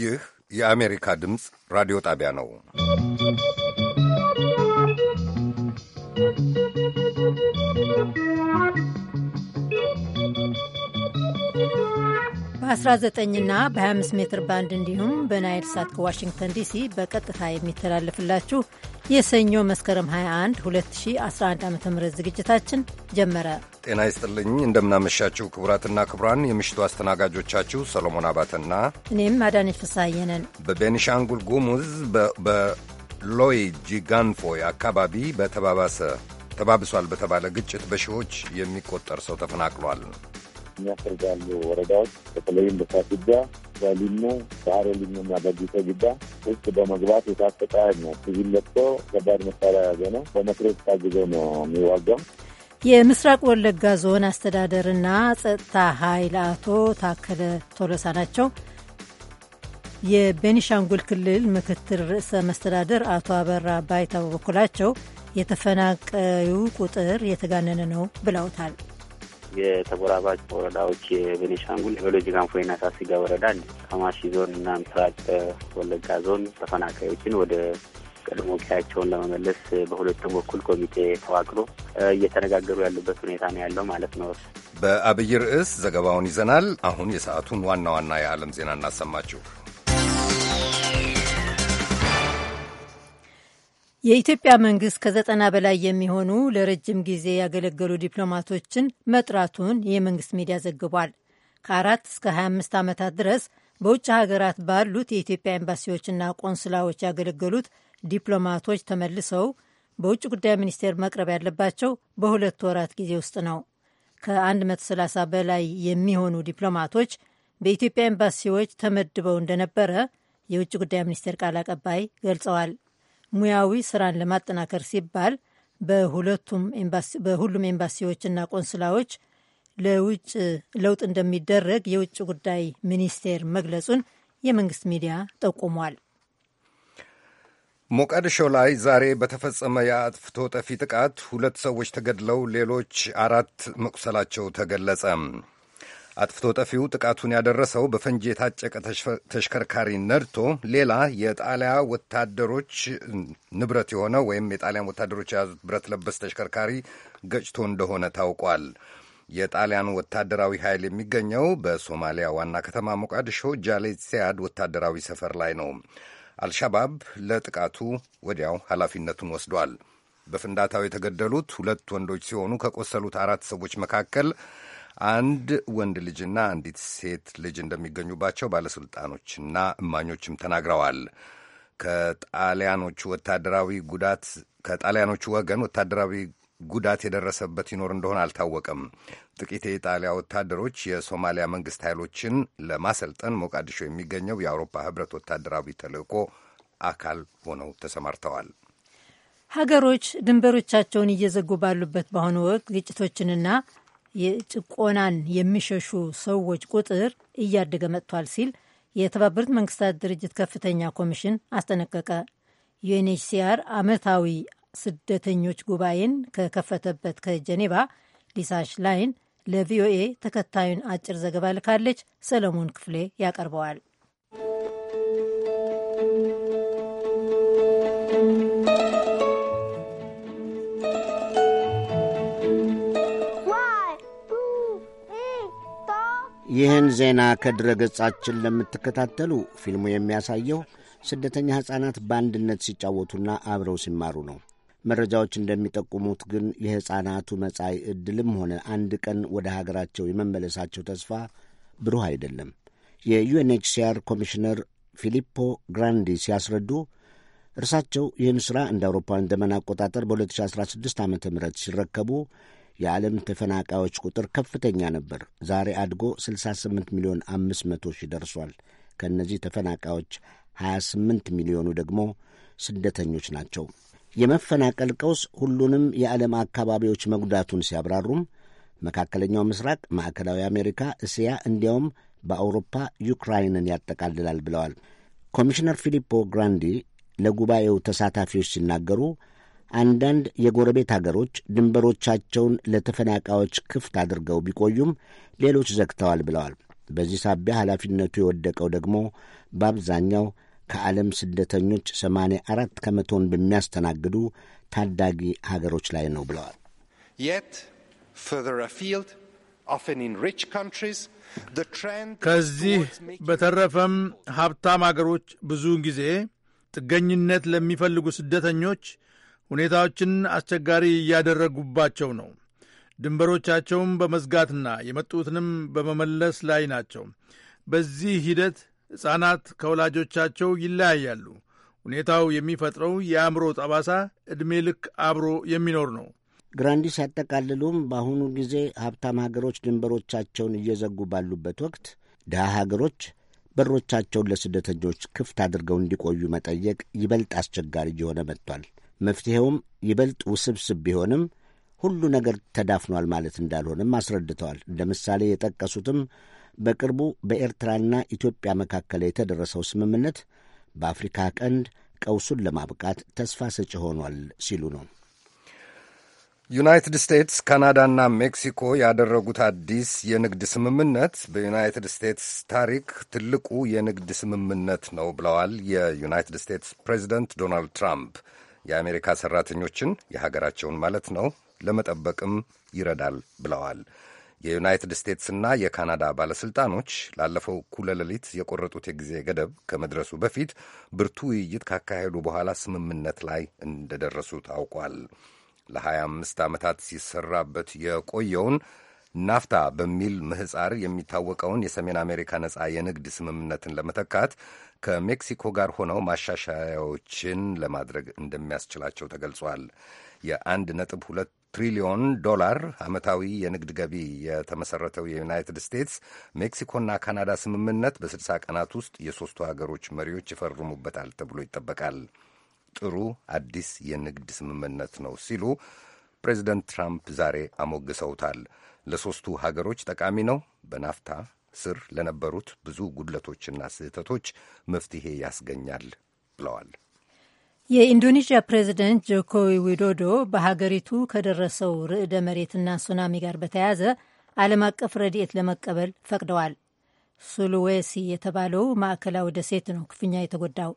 ይህ የአሜሪካ ድምፅ ራዲዮ ጣቢያ ነው። በ19ና በ25 ሜትር ባንድ እንዲሁም በናይል ሳት ከዋሽንግተን ዲሲ በቀጥታ የሚተላለፍላችሁ የሰኞ መስከረም 21 2011 ዓ ም ዝግጅታችን ጀመረ። ጤና ይስጥልኝ፣ እንደምናመሻችሁ ክቡራትና ክቡራን። የምሽቱ አስተናጋጆቻችሁ ሰሎሞን አባተና እኔም አዳነች ፍስሐዬ ነን። በቤኒሻንጉል ጉሙዝ በሎይ ጂጋንፎይ አካባቢ በተባባሰ ተባብሷል በተባለ ግጭት በሺዎች የሚቆጠር ሰው ተፈናቅሏል። የሚያስርጋሉ ወረዳዎች በተለይም በሳፊጃ በሊሞ ዳሮ ሊሞ እና በጊቶ ግዳ ውስጥ በመግባት የታጠቀ ነው። ሲቪል ለብሶ ከባድ መሳሪያ ያዘ ነው። በመክሮች ታግዞ ነው የሚዋጋው። የምስራቅ ወለጋ ዞን አስተዳደርና ጸጥታ ኃይል አቶ ታከለ ቶሎሳ ናቸው። የቤኒሻንጉል ክልል ምክትል ርዕሰ መስተዳደር አቶ አበራ ባይታ በበኩላቸው የተፈናቀዩ ቁጥር የተጋነነ ነው ብለውታል። የተጎራባጭ ወረዳዎች የቤኒሻንጉል የበሎጂ ጋንፎይና ሳሲጋ ወረዳ ከማሺ ዞን እና ምስራቅ ወለጋ ዞን ተፈናቃዮችን ወደ ቀድሞ ጊዜያቸውን ለመመለስ በሁለቱም በኩል ኮሚቴ ተዋቅሮ እየተነጋገሩ ያሉበት ሁኔታ ነው ያለው ማለት ነው። በአብይ ርዕስ ዘገባውን ይዘናል። አሁን የሰዓቱን ዋና ዋና የዓለም ዜና እናሰማችሁ። የኢትዮጵያ መንግስት ከዘጠና በላይ የሚሆኑ ለረጅም ጊዜ ያገለገሉ ዲፕሎማቶችን መጥራቱን የመንግስት ሚዲያ ዘግቧል። ከአራት እስከ 25 ዓመታት ድረስ በውጭ ሀገራት ባሉት የኢትዮጵያ ኤምባሲዎችና ቆንስላዎች ያገለገሉት ዲፕሎማቶች ተመልሰው በውጭ ጉዳይ ሚኒስቴር መቅረብ ያለባቸው በሁለት ወራት ጊዜ ውስጥ ነው። ከ130 በላይ የሚሆኑ ዲፕሎማቶች በኢትዮጵያ ኤምባሲዎች ተመድበው እንደነበረ የውጭ ጉዳይ ሚኒስቴር ቃል አቀባይ ገልጸዋል። ሙያዊ ስራን ለማጠናከር ሲባል በሁሉም ኤምባሲዎችና ቆንስላዎች ለውጭ ለውጥ እንደሚደረግ የውጭ ጉዳይ ሚኒስቴር መግለጹን የመንግስት ሚዲያ ጠቁሟል። ሞቃዲሾ ላይ ዛሬ በተፈጸመ የአጥፍቶ ጠፊ ጥቃት ሁለት ሰዎች ተገድለው ሌሎች አራት መቁሰላቸው ተገለጸ። አጥፍቶ ጠፊው ጥቃቱን ያደረሰው በፈንጂ የታጨቀ ተሽከርካሪ ነድቶ ሌላ የጣሊያ ወታደሮች ንብረት የሆነ ወይም የጣሊያን ወታደሮች የያዙት ብረት ለበስ ተሽከርካሪ ገጭቶ እንደሆነ ታውቋል። የጣሊያን ወታደራዊ ኃይል የሚገኘው በሶማሊያ ዋና ከተማ ሞቃዲሾ ጃሌ ሲያድ ወታደራዊ ሰፈር ላይ ነው። አልሻባብ ለጥቃቱ ወዲያው ኃላፊነቱን ወስዷል። በፍንዳታው የተገደሉት ሁለት ወንዶች ሲሆኑ ከቆሰሉት አራት ሰዎች መካከል አንድ ወንድ ልጅና አንዲት ሴት ልጅ እንደሚገኙባቸው ባለሥልጣኖችና እማኞችም ተናግረዋል። ከጣሊያኖቹ ወታደራዊ ጉዳት ከጣሊያኖቹ ወገን ወታደራዊ ጉዳት የደረሰበት ይኖር እንደሆነ አልታወቀም። ጥቂት የኢጣሊያ ወታደሮች የሶማሊያ መንግሥት ኃይሎችን ለማሰልጠን ሞቃዲሾ የሚገኘው የአውሮፓ ሕብረት ወታደራዊ ተልእኮ አካል ሆነው ተሰማርተዋል። ሀገሮች ድንበሮቻቸውን እየዘጉ ባሉበት በአሁኑ ወቅት ግጭቶችንና የጭቆናን የሚሸሹ ሰዎች ቁጥር እያደገ መጥቷል ሲል የተባበሩት መንግስታት ድርጅት ከፍተኛ ኮሚሽን አስጠነቀቀ። ዩኤንኤችሲአር ዓመታዊ ስደተኞች ጉባኤን ከከፈተበት ከጀኔባ ሊሳሽ ላይን ለቪኦኤ ተከታዩን አጭር ዘገባ ልካለች። ሰለሞን ክፍሌ ያቀርበዋል። ይህን ዜና ከድረ ገጻችን ለምትከታተሉ ፊልሙ የሚያሳየው ስደተኛ ሕፃናት በአንድነት ሲጫወቱና አብረው ሲማሩ ነው። መረጃዎች እንደሚጠቁሙት ግን የሕፃናቱ መጻኢ ዕድልም ሆነ አንድ ቀን ወደ ሀገራቸው የመመለሳቸው ተስፋ ብሩህ አይደለም። የዩኤንኤችሲአር ኮሚሽነር ፊሊፖ ግራንዲ ሲያስረዱ እርሳቸው ይህን ሥራ እንደ አውሮፓውያን ዘመን አቆጣጠር በ2016 ዓ ም ሲረከቡ የዓለም ተፈናቃዮች ቁጥር ከፍተኛ ነበር። ዛሬ አድጎ 68 ሚሊዮን 500 ሺህ ደርሷል። ከእነዚህ ተፈናቃዮች 28 ሚሊዮኑ ደግሞ ስደተኞች ናቸው። የመፈናቀል ቀውስ ሁሉንም የዓለም አካባቢዎች መጉዳቱን ሲያብራሩም መካከለኛው ምስራቅ፣ ማዕከላዊ አሜሪካ፣ እስያ እንዲያውም በአውሮፓ ዩክራይንን ያጠቃልላል ብለዋል። ኮሚሽነር ፊሊፖ ግራንዲ ለጉባኤው ተሳታፊዎች ሲናገሩ አንዳንድ የጎረቤት አገሮች ድንበሮቻቸውን ለተፈናቃዮች ክፍት አድርገው ቢቆዩም ሌሎች ዘግተዋል ብለዋል። በዚህ ሳቢያ ኃላፊነቱ የወደቀው ደግሞ በአብዛኛው ከዓለም ስደተኞች ሰማንያ አራት ከመቶን በሚያስተናግዱ ታዳጊ ሀገሮች ላይ ነው ብለዋል። ከዚህ በተረፈም ሀብታም አገሮች ብዙውን ጊዜ ጥገኝነት ለሚፈልጉ ስደተኞች ሁኔታዎችን አስቸጋሪ እያደረጉባቸው ነው። ድንበሮቻቸውም በመዝጋትና የመጡትንም በመመለስ ላይ ናቸው። በዚህ ሂደት ሕፃናት ከወላጆቻቸው ይለያያሉ። ሁኔታው የሚፈጥረው የአእምሮ ጠባሳ ዕድሜ ልክ አብሮ የሚኖር ነው። ግራንዲ ሲያጠቃልሉም በአሁኑ ጊዜ ሀብታም ሀገሮች ድንበሮቻቸውን እየዘጉ ባሉበት ወቅት ድሃ ሀገሮች በሮቻቸውን ለስደተኞች ክፍት አድርገው እንዲቆዩ መጠየቅ ይበልጥ አስቸጋሪ እየሆነ መጥቷል። መፍትሔውም ይበልጥ ውስብስብ ቢሆንም ሁሉ ነገር ተዳፍኗል ማለት እንዳልሆነም አስረድተዋል። እንደ ምሳሌ የጠቀሱትም በቅርቡ በኤርትራና ኢትዮጵያ መካከል የተደረሰው ስምምነት በአፍሪካ ቀንድ ቀውሱን ለማብቃት ተስፋ ሰጪ ሆኗል ሲሉ ነው። ዩናይትድ ስቴትስ፣ ካናዳና ሜክሲኮ ያደረጉት አዲስ የንግድ ስምምነት በዩናይትድ ስቴትስ ታሪክ ትልቁ የንግድ ስምምነት ነው ብለዋል የዩናይትድ ስቴትስ ፕሬዚደንት ዶናልድ ትራምፕ። የአሜሪካ ሰራተኞችን የሀገራቸውን ማለት ነው ለመጠበቅም ይረዳል ብለዋል። የዩናይትድ ስቴትስና የካናዳ ባለሥልጣኖች ላለፈው እኩለ ሌሊት የቆረጡት የጊዜ ገደብ ከመድረሱ በፊት ብርቱ ውይይት ካካሄዱ በኋላ ስምምነት ላይ እንደደረሱ ታውቋል። ለ25 ዓመታት ሲሰራበት የቆየውን ናፍታ በሚል ምህፃር የሚታወቀውን የሰሜን አሜሪካ ነፃ የንግድ ስምምነትን ለመተካት ከሜክሲኮ ጋር ሆነው ማሻሻያዎችን ለማድረግ እንደሚያስችላቸው ተገልጿል። የአንድ ነጥብ ሁለት ትሪሊዮን ዶላር ዓመታዊ የንግድ ገቢ የተመሠረተው የዩናይትድ ስቴትስ ሜክሲኮና ካናዳ ስምምነት በ60 ቀናት ውስጥ የሦስቱ ሀገሮች መሪዎች ይፈርሙበታል ተብሎ ይጠበቃል። ጥሩ አዲስ የንግድ ስምምነት ነው ሲሉ ፕሬዚደንት ትራምፕ ዛሬ አሞግሰውታል። ለሦስቱ ሀገሮች ጠቃሚ ነው። በናፍታ ስር ለነበሩት ብዙ ጉድለቶችና ስህተቶች መፍትሄ ያስገኛል ብለዋል። የኢንዶኔዥያ ፕሬዚደንት ጆኮ ዊዶዶ በሀገሪቱ ከደረሰው ርዕደ መሬትና ሱናሚ ጋር በተያያዘ ዓለም አቀፍ ረድኤት ለመቀበል ፈቅደዋል። ሱልዌሲ የተባለው ማዕከላዊ ደሴት ነው ክፉኛ የተጎዳው።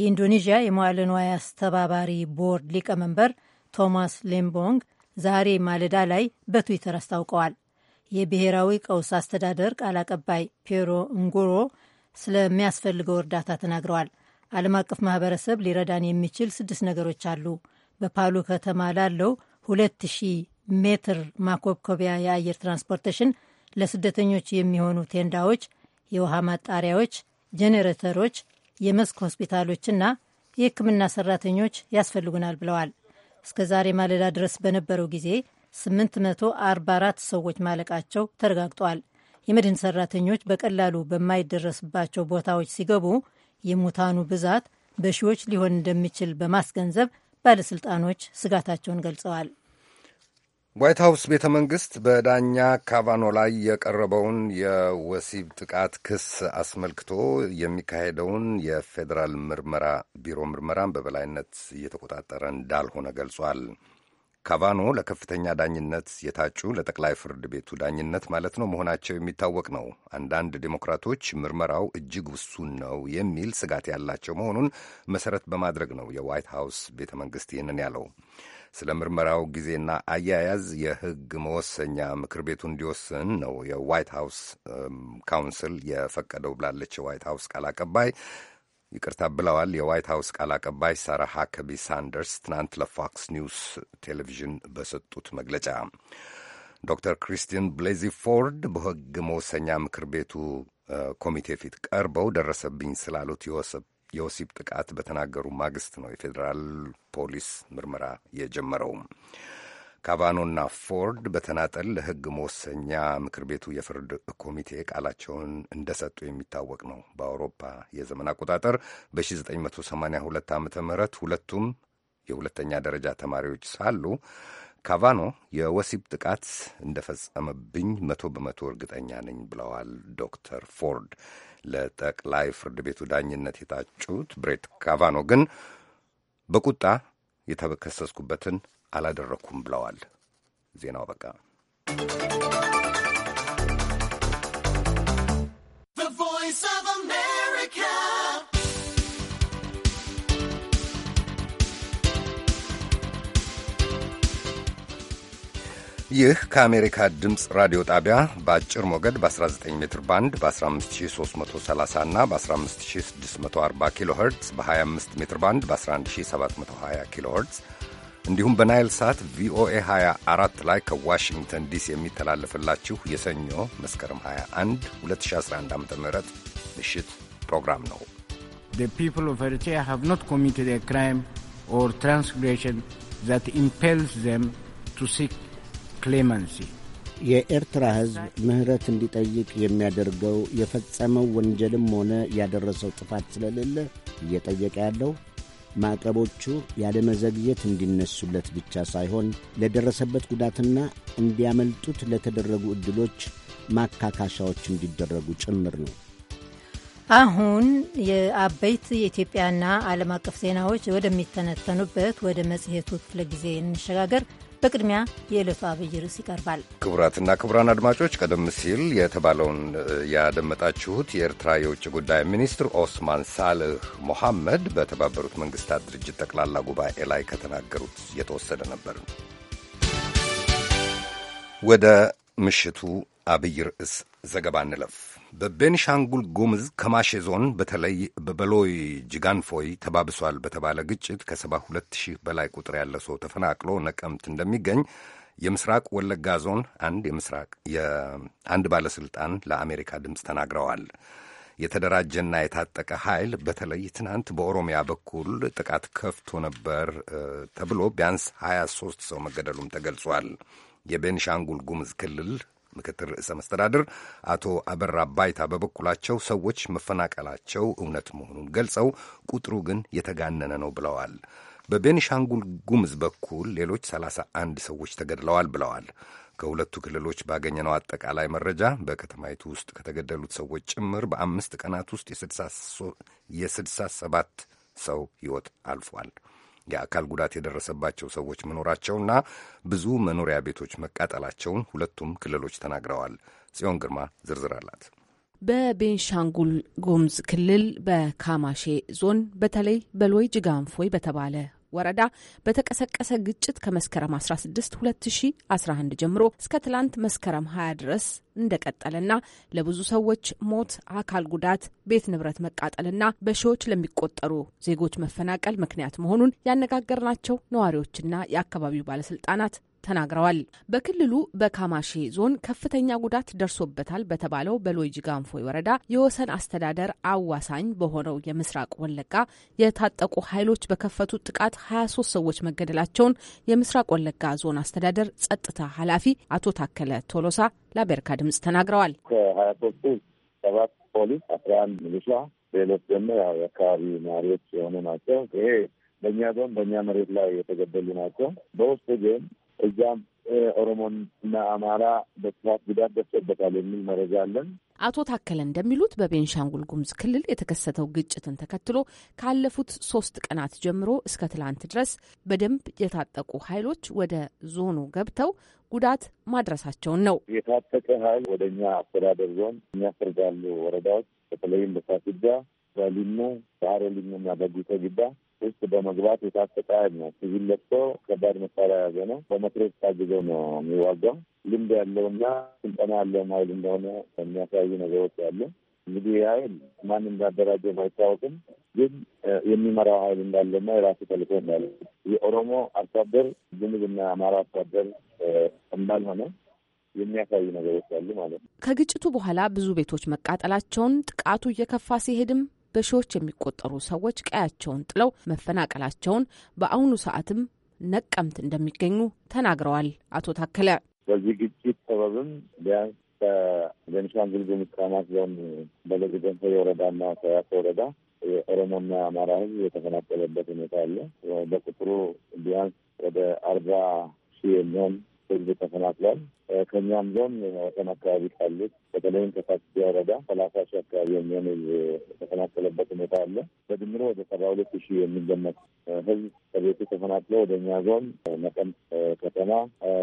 የኢንዶኔዥያ የመዋዕለ ንዋይ አስተባባሪ ቦርድ ሊቀመንበር ቶማስ ሌምቦንግ ዛሬ ማለዳ ላይ በትዊተር አስታውቀዋል። የብሔራዊ ቀውስ አስተዳደር ቃል አቀባይ ፔሮ እንጎሮ ስለሚያስፈልገው እርዳታ ተናግረዋል። ዓለም አቀፍ ማህበረሰብ ሊረዳን የሚችል ስድስት ነገሮች አሉ። በፓሉ ከተማ ላለው 2000 ሜትር ማኮብኮቢያ የአየር ትራንስፖርቴሽን፣ ለስደተኞች የሚሆኑ ቴንዳዎች፣ የውሃ ማጣሪያዎች፣ ጄኔሬተሮች፣ የመስክ ሆስፒታሎችና የሕክምና ሰራተኞች ያስፈልጉናል ብለዋል። እስከ ዛሬ ማለዳ ድረስ በነበረው ጊዜ 844 ሰዎች ማለቃቸው ተረጋግጧል። የመድን ሰራተኞች በቀላሉ በማይደረስባቸው ቦታዎች ሲገቡ የሙታኑ ብዛት በሺዎች ሊሆን እንደሚችል በማስገንዘብ ባለሥልጣኖች ስጋታቸውን ገልጸዋል። ዋይት ሀውስ ቤተ መንግሥት በዳኛ ካቫኖ ላይ የቀረበውን የወሲብ ጥቃት ክስ አስመልክቶ የሚካሄደውን የፌዴራል ምርመራ ቢሮ ምርመራን በበላይነት እየተቆጣጠረ እንዳልሆነ ገልጿል። ካቫኖ ለከፍተኛ ዳኝነት የታጩ ለጠቅላይ ፍርድ ቤቱ ዳኝነት ማለት ነው መሆናቸው የሚታወቅ ነው። አንዳንድ ዴሞክራቶች ምርመራው እጅግ ውሱን ነው የሚል ስጋት ያላቸው መሆኑን መሰረት በማድረግ ነው የዋይት ሀውስ ቤተ መንግስት ይህንን ያለው። ስለ ምርመራው ጊዜና አያያዝ የህግ መወሰኛ ምክር ቤቱ እንዲወስን ነው የዋይት ሀውስ ካውንስል የፈቀደው ብላለች የዋይት ሀውስ ቃል አቀባይ ይቅርታ ብለዋል። የዋይት ሀውስ ቃል አቀባይ ሳራ ሃከቢ ሳንደርስ ትናንት ለፎክስ ኒውስ ቴሌቪዥን በሰጡት መግለጫ ዶክተር ክሪስቲን ብሌዚ ፎርድ በሕግ መወሰኛ ምክር ቤቱ ኮሚቴ ፊት ቀርበው ደረሰብኝ ስላሉት የወሲብ ጥቃት በተናገሩ ማግስት ነው የፌዴራል ፖሊስ ምርመራ የጀመረው። ካቫኖና ፎርድ በተናጠል ለሕግ መወሰኛ ምክር ቤቱ የፍርድ ኮሚቴ ቃላቸውን እንደሰጡ የሚታወቅ ነው። በአውሮፓ የዘመን አቆጣጠር በ1982 ዓ ም ሁለቱም የሁለተኛ ደረጃ ተማሪዎች ሳሉ ካቫኖ የወሲብ ጥቃት እንደፈጸመብኝ መቶ በመቶ እርግጠኛ ነኝ ብለዋል ዶክተር ፎርድ። ለጠቅላይ ፍርድ ቤቱ ዳኝነት የታጩት ብሬት ካቫኖ ግን በቁጣ የተከሰስኩበትን አላደረግኩም ብለዋል። ዜናው በቃ። ይህ ከአሜሪካ ድምፅ ራዲዮ ጣቢያ በአጭር ሞገድ በ19 ሜትር ባንድ በ15330 እና በ15640 ኪሎ ኸርትዝ በ25 ሜትር ባንድ በ11720 ኪሎ ኸርትዝ እንዲሁም በናይል ሳት ቪኦኤ 24 ላይ ከዋሽንግተን ዲሲ የሚተላለፍላችሁ የሰኞ መስከረም 21 2011 ዓ ም ምሽት ፕሮግራም ነው። The people of Eritrea have not committed a crime or transgression that impels them to seek clemency. የኤርትራ ሕዝብ ምሕረት እንዲጠይቅ የሚያደርገው የፈጸመው ወንጀልም ሆነ ያደረሰው ጥፋት ስለሌለ እየጠየቀ ያለው ማዕቀቦቹ ያለመዘግየት እንዲነሱለት ብቻ ሳይሆን ለደረሰበት ጉዳትና እንዲያመልጡት ለተደረጉ ዕድሎች ማካካሻዎች እንዲደረጉ ጭምር ነው። አሁን የአበይት የኢትዮጵያና ዓለም አቀፍ ዜናዎች ወደሚተነተኑበት ወደ መጽሔቱ ክፍለ ጊዜ እንሸጋገር። በቅድሚያ የዕለቱ አብይ ርዕስ ይቀርባል። ክቡራትና ክቡራን አድማጮች ቀደም ሲል የተባለውን ያደመጣችሁት የኤርትራ የውጭ ጉዳይ ሚኒስትር ኦስማን ሳልህ ሞሐመድ በተባበሩት መንግስታት ድርጅት ጠቅላላ ጉባኤ ላይ ከተናገሩት የተወሰደ ነበር። ወደ ምሽቱ አብይ ርዕስ ዘገባ እንለፍ። በቤንሻንጉል ጉምዝ ከማሼ ዞን በተለይ በበሎይ ጅጋንፎይ ተባብሷል በተባለ ግጭት ከሰባ ሁለት ሺህ በላይ ቁጥር ያለ ሰው ተፈናቅሎ ነቀምት እንደሚገኝ የምስራቅ ወለጋ ዞን አንድ የምስራቅ የአንድ ባለሥልጣን ለአሜሪካ ድምፅ ተናግረዋል። የተደራጀና የታጠቀ ኃይል በተለይ ትናንት በኦሮሚያ በኩል ጥቃት ከፍቶ ነበር ተብሎ ቢያንስ 23 ሰው መገደሉም ተገልጿል። የቤንሻንጉል ጉምዝ ክልል ምክትል ርዕሰ መስተዳድር አቶ አበራ ባይታ በበኩላቸው ሰዎች መፈናቀላቸው እውነት መሆኑን ገልጸው ቁጥሩ ግን የተጋነነ ነው ብለዋል። በቤኒሻንጉል ጉምዝ በኩል ሌሎች 31 ሰዎች ተገድለዋል ብለዋል። ከሁለቱ ክልሎች ባገኘነው አጠቃላይ መረጃ በከተማይቱ ውስጥ ከተገደሉት ሰዎች ጭምር በአምስት ቀናት ውስጥ የስድሳ ሰባት ሰው ሕይወት አልፏል። የአካል ጉዳት የደረሰባቸው ሰዎች መኖራቸውና ብዙ መኖሪያ ቤቶች መቃጠላቸውን ሁለቱም ክልሎች ተናግረዋል። ጽዮን ግርማ ዝርዝር አላት። በቤንሻንጉል ጉሙዝ ክልል በካማሼ ዞን በተለይ በሎይ ጅጋንፎይ በተባለ ወረዳ በተቀሰቀሰ ግጭት ከመስከረም 16 2011 ጀምሮ እስከ ትላንት መስከረም 20 ድረስ እንደቀጠለና ለብዙ ሰዎች ሞት፣ አካል ጉዳት፣ ቤት ንብረት መቃጠልና በሺዎች ለሚቆጠሩ ዜጎች መፈናቀል ምክንያት መሆኑን ያነጋገርናቸው ነዋሪዎችና የአካባቢው ባለስልጣናት ተናግረዋል። በክልሉ በካማሼ ዞን ከፍተኛ ጉዳት ደርሶበታል በተባለው በሎጂ ጋንፎ ወረዳ የወሰን አስተዳደር አዋሳኝ በሆነው የምስራቅ ወለጋ የታጠቁ ኃይሎች በከፈቱት ጥቃት 23 ሰዎች መገደላቸውን የምስራቅ ወለጋ ዞን አስተዳደር ጸጥታ ኃላፊ አቶ ታከለ ቶሎሳ ለአሜሪካ ድምጽ ተናግረዋል። ሰባት ፖሊስ፣ አስራ አንድ ሚሊሻ፣ ሌሎች ደግሞ ያው የአካባቢ ነዋሪዎች የሆኑ ናቸው። ይሄ በእኛ ዞን በእኛ መሬት ላይ የተገደሉ ናቸው። በውስጡ ግን እዛም ኦሮሞና አማራ በስፋት ጉዳት ደርሶበታል የሚል መረጃ አለን። አቶ ታከለ እንደሚሉት በቤንሻንጉል ጉሙዝ ክልል የተከሰተው ግጭትን ተከትሎ ካለፉት ሶስት ቀናት ጀምሮ እስከ ትላንት ድረስ በደንብ የታጠቁ ኃይሎች ወደ ዞኑ ገብተው ጉዳት ማድረሳቸውን ነው። የታጠቀ ኃይል ወደ እኛ አስተዳደር ዞን የሚያስርጋሉ ወረዳዎች በተለይም በሳሲዳ፣ በሊሙ፣ በአሮ ሊሙና በጉቶ ጊዳ ውስጥ በመግባት የታጠቀ ኃይል ነው። ሲቪል ለብሶ ከባድ መሳሪያ ያዘ ነው። በመትረየስ ታግዘው ነው የሚዋጋው። ልምድ ያለውና ስልጠና ያለውም ኃይል እንደሆነ የሚያሳዩ ነገሮች አሉ። እንግዲህ ኃይል ማን እንዳደራጀ ባይታወቅም ግን የሚመራው ኃይል እንዳለና የራሱ ተልእኮ እንዳለ የኦሮሞ አርሶ አደር አማራ አርሶ አደር እንዳልሆነ የሚያሳዩ ነገሮች አሉ ማለት ነው። ከግጭቱ በኋላ ብዙ ቤቶች መቃጠላቸውን ጥቃቱ እየከፋ ሲሄድም በሺዎች የሚቆጠሩ ሰዎች ቀያቸውን ጥለው መፈናቀላቸውን በአሁኑ ሰዓትም ነቀምት እንደሚገኙ ተናግረዋል። አቶ ታከለ በዚህ ግጭት ሰበብም ቢያንስ ከቤኒሻንጉል ጉሙዝ ካማሽ ዞን በለግ ደንሶ የወረዳና ሰያት ወረዳ የኦሮሞና አማራ ሕዝብ የተፈናቀለበት ሁኔታ አለ። በቁጥሩ ቢያንስ ወደ አርባ ሺህ የሚሆን ሕዝብ ተፈናቅሏል። ከእኛም ዞን ወሰን አካባቢ ካሉት በተለይም ከሳክሲ ወረዳ ሰላሳ ሺህ አካባቢ የሚሆን የተፈናቀለበት ሁኔታ አለ። በድምሮ ወደ ሰባ ሁለት ሺህ የሚገመት ህዝብ ከቤቱ ተፈናቅሎ ወደ እኛ ዞን መቀም ከተማ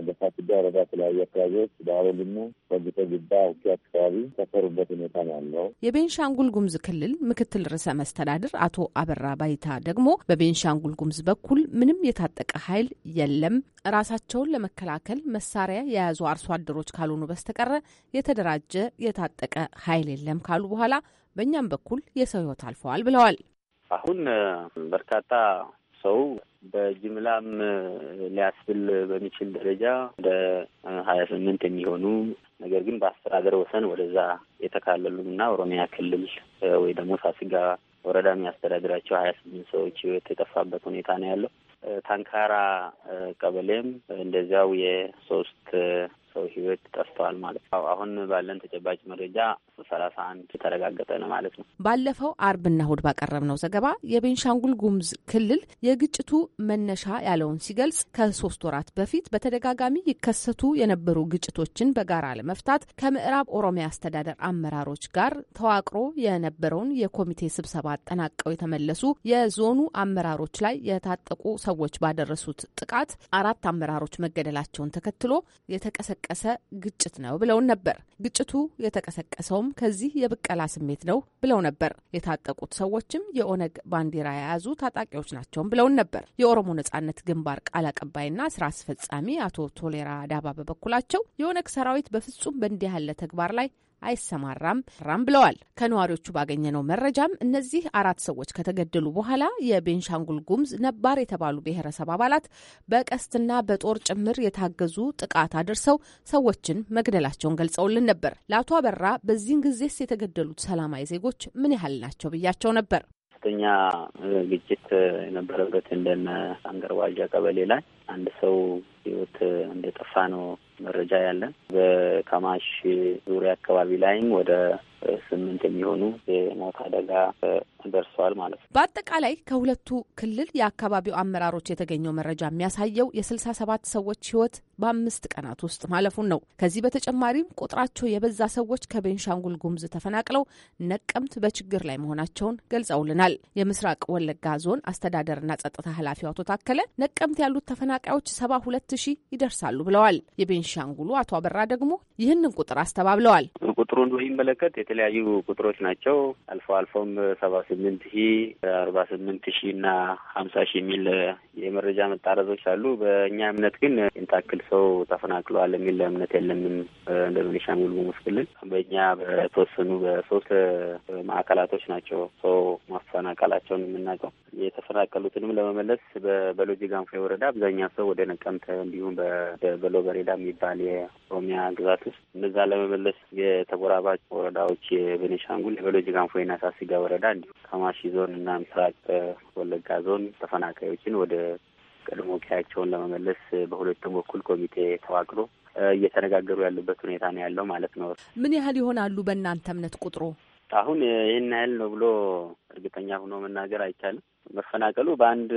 በሳክዳ ወረዳ የተለያዩ አካባቢዎች በአሮልሙ በግተ ግባ ውኪ አካባቢ ሰፈሩበት ሁኔታ ነው ያለው። የቤንሻንጉል ጉምዝ ክልል ምክትል ርዕሰ መስተዳድር አቶ አበራ ባይታ ደግሞ በቤንሻንጉል ጉምዝ በኩል ምንም የታጠቀ ኃይል የለም ራሳቸውን ለመከላከል መሳሪያ የያዙ አርሶ አደሮች ካልሆኑ በስተቀረ የተደራጀ የታጠቀ ኃይል የለም ካሉ በኋላ በእኛም በኩል የሰው ሕይወት አልፈዋል ብለዋል። አሁን በርካታ ሰው በጅምላም ሊያስብል በሚችል ደረጃ ወደ ሀያ ስምንት የሚሆኑ ነገር ግን በአስተዳደር ወሰን ወደዛ የተካለሉ እና ኦሮሚያ ክልል ወይ ደግሞ ሳስጋ ወረዳ የሚያስተዳድራቸው ሀያ ስምንት ሰዎች ህይወት የጠፋበት ሁኔታ ነው ያለው። ታንካራ ቀበሌም እንደዚያው የሶስት ሰው ህይወት ጠፍተዋል ማለት ነው። አሁን ባለን ተጨባጭ መረጃ ሰላሳ አንድ ተረጋገጠ ነው ማለት ነው። ባለፈው አርብና እሁድ ባቀረብነው ዘገባ የቤንሻንጉል ጉሙዝ ክልል የግጭቱ መነሻ ያለውን ሲገልጽ ከሶስት ወራት በፊት በተደጋጋሚ ይከሰቱ የነበሩ ግጭቶችን በጋራ ለመፍታት ከምዕራብ ኦሮሚያ አስተዳደር አመራሮች ጋር ተዋቅሮ የነበረውን የኮሚቴ ስብሰባ አጠናቀው የተመለሱ የዞኑ አመራሮች ላይ የታጠቁ ሰዎች ባደረሱት ጥቃት አራት አመራሮች መገደላቸውን ተከትሎ የተቀሰ የተቀሰቀሰ ግጭት ነው ብለውን ነበር። ግጭቱ የተቀሰቀሰውም ከዚህ የብቀላ ስሜት ነው ብለው ነበር። የታጠቁት ሰዎችም የኦነግ ባንዲራ የያዙ ታጣቂዎች ናቸውም ብለውን ነበር። የኦሮሞ ነጻነት ግንባር ቃል አቀባይና ስራ አስፈጻሚ አቶ ቶሌራ ዳባ በበኩላቸው የኦነግ ሰራዊት በፍጹም በእንዲህ ያለ ተግባር ላይ አይሰማራም ራም ብለዋል። ከነዋሪዎቹ ባገኘነው መረጃም እነዚህ አራት ሰዎች ከተገደሉ በኋላ የቤንሻንጉል ጉሙዝ ነባር የተባሉ ብሔረሰብ አባላት በቀስትና በጦር ጭምር የታገዙ ጥቃት አድርሰው ሰዎችን መግደላቸውን ገልጸውልን ነበር። ለአቶ አበራ በዚህን ጊዜስ የተገደሉት ሰላማዊ ዜጎች ምን ያህል ናቸው ብያቸው ነበር። ከፍተኛ ግጭት የነበረበት እንደነ አንገርባዣ ቀበሌ ላይ አንድ ሰው ህይወት እንደጠፋ ነው መረጃ ያለን። በከማሽ ዙሪያ አካባቢ ላይም ወደ ስምንት የሚሆኑ የሞት አደጋ ደርሰዋል ማለት ነው። በአጠቃላይ ከሁለቱ ክልል የአካባቢው አመራሮች የተገኘው መረጃ የሚያሳየው የስልሳ ሰባት ሰዎች ህይወት በአምስት ቀናት ውስጥ ማለፉን ነው። ከዚህ በተጨማሪም ቁጥራቸው የበዛ ሰዎች ከቤንሻንጉል ጉምዝ ተፈናቅለው ነቀምት በችግር ላይ መሆናቸውን ገልጸውልናል። የምስራቅ ወለጋ ዞን አስተዳደርና ጸጥታ ኃላፊው አቶ ታከለ ነቀምት ያሉት ተፈናቃዮች ሰባ ሁለት ሺህ ይደርሳሉ ብለዋል። የቤንሻንጉሉ አቶ አበራ ደግሞ ይህንን ቁጥር አስተባብለዋል። ቁጥሩን በሚመለከት የተለያዩ ቁጥሮች ናቸው። አልፎ አልፎም ሰባ ስምንት ሺ አርባ ስምንት ሺ እና ሀምሳ ሺ የሚል የመረጃ መጣረዞች አሉ። በእኛ እምነት ግን ኢንታክል ሰው ተፈናቅለዋል የሚል እምነት የለምን። እንደ ቤኒሻንጉል ጉሙዝ ክልል በእኛ በተወሰኑ በሶስት ማዕከላቶች ናቸው ሰው ማፈናቀላቸውን የምናውቀው። የተፈናቀሉትንም ለመመለስ በሎጂ ጋንፎ የወረዳ አብዛኛ ሰው ወደ ነቀምተ እንዲሁም በሎበሬዳ የሚባል ኦሮሚያ ግዛት ውስጥ እነዛ ለመመለስ የተጎራባጭ ወረዳዎች የቤኒሻንጉል የበሎጂ ጋንፎይና ሳሲጋ ወረዳ እንዲሁም ከማሺ ዞን እና ምስራቅ ወለጋ ዞን ተፈናቃዮችን ወደ ቀድሞ ቀያቸውን ለመመለስ በሁለቱም በኩል ኮሚቴ ተዋቅሮ እየተነጋገሩ ያሉበት ሁኔታ ነው ያለው ማለት ነው። ምን ያህል ይሆናሉ በእናንተ እምነት ቁጥሩ? አሁን ይህን ያህል ነው ብሎ እርግጠኛ ሆኖ መናገር አይቻልም። መፈናቀሉ በአንድ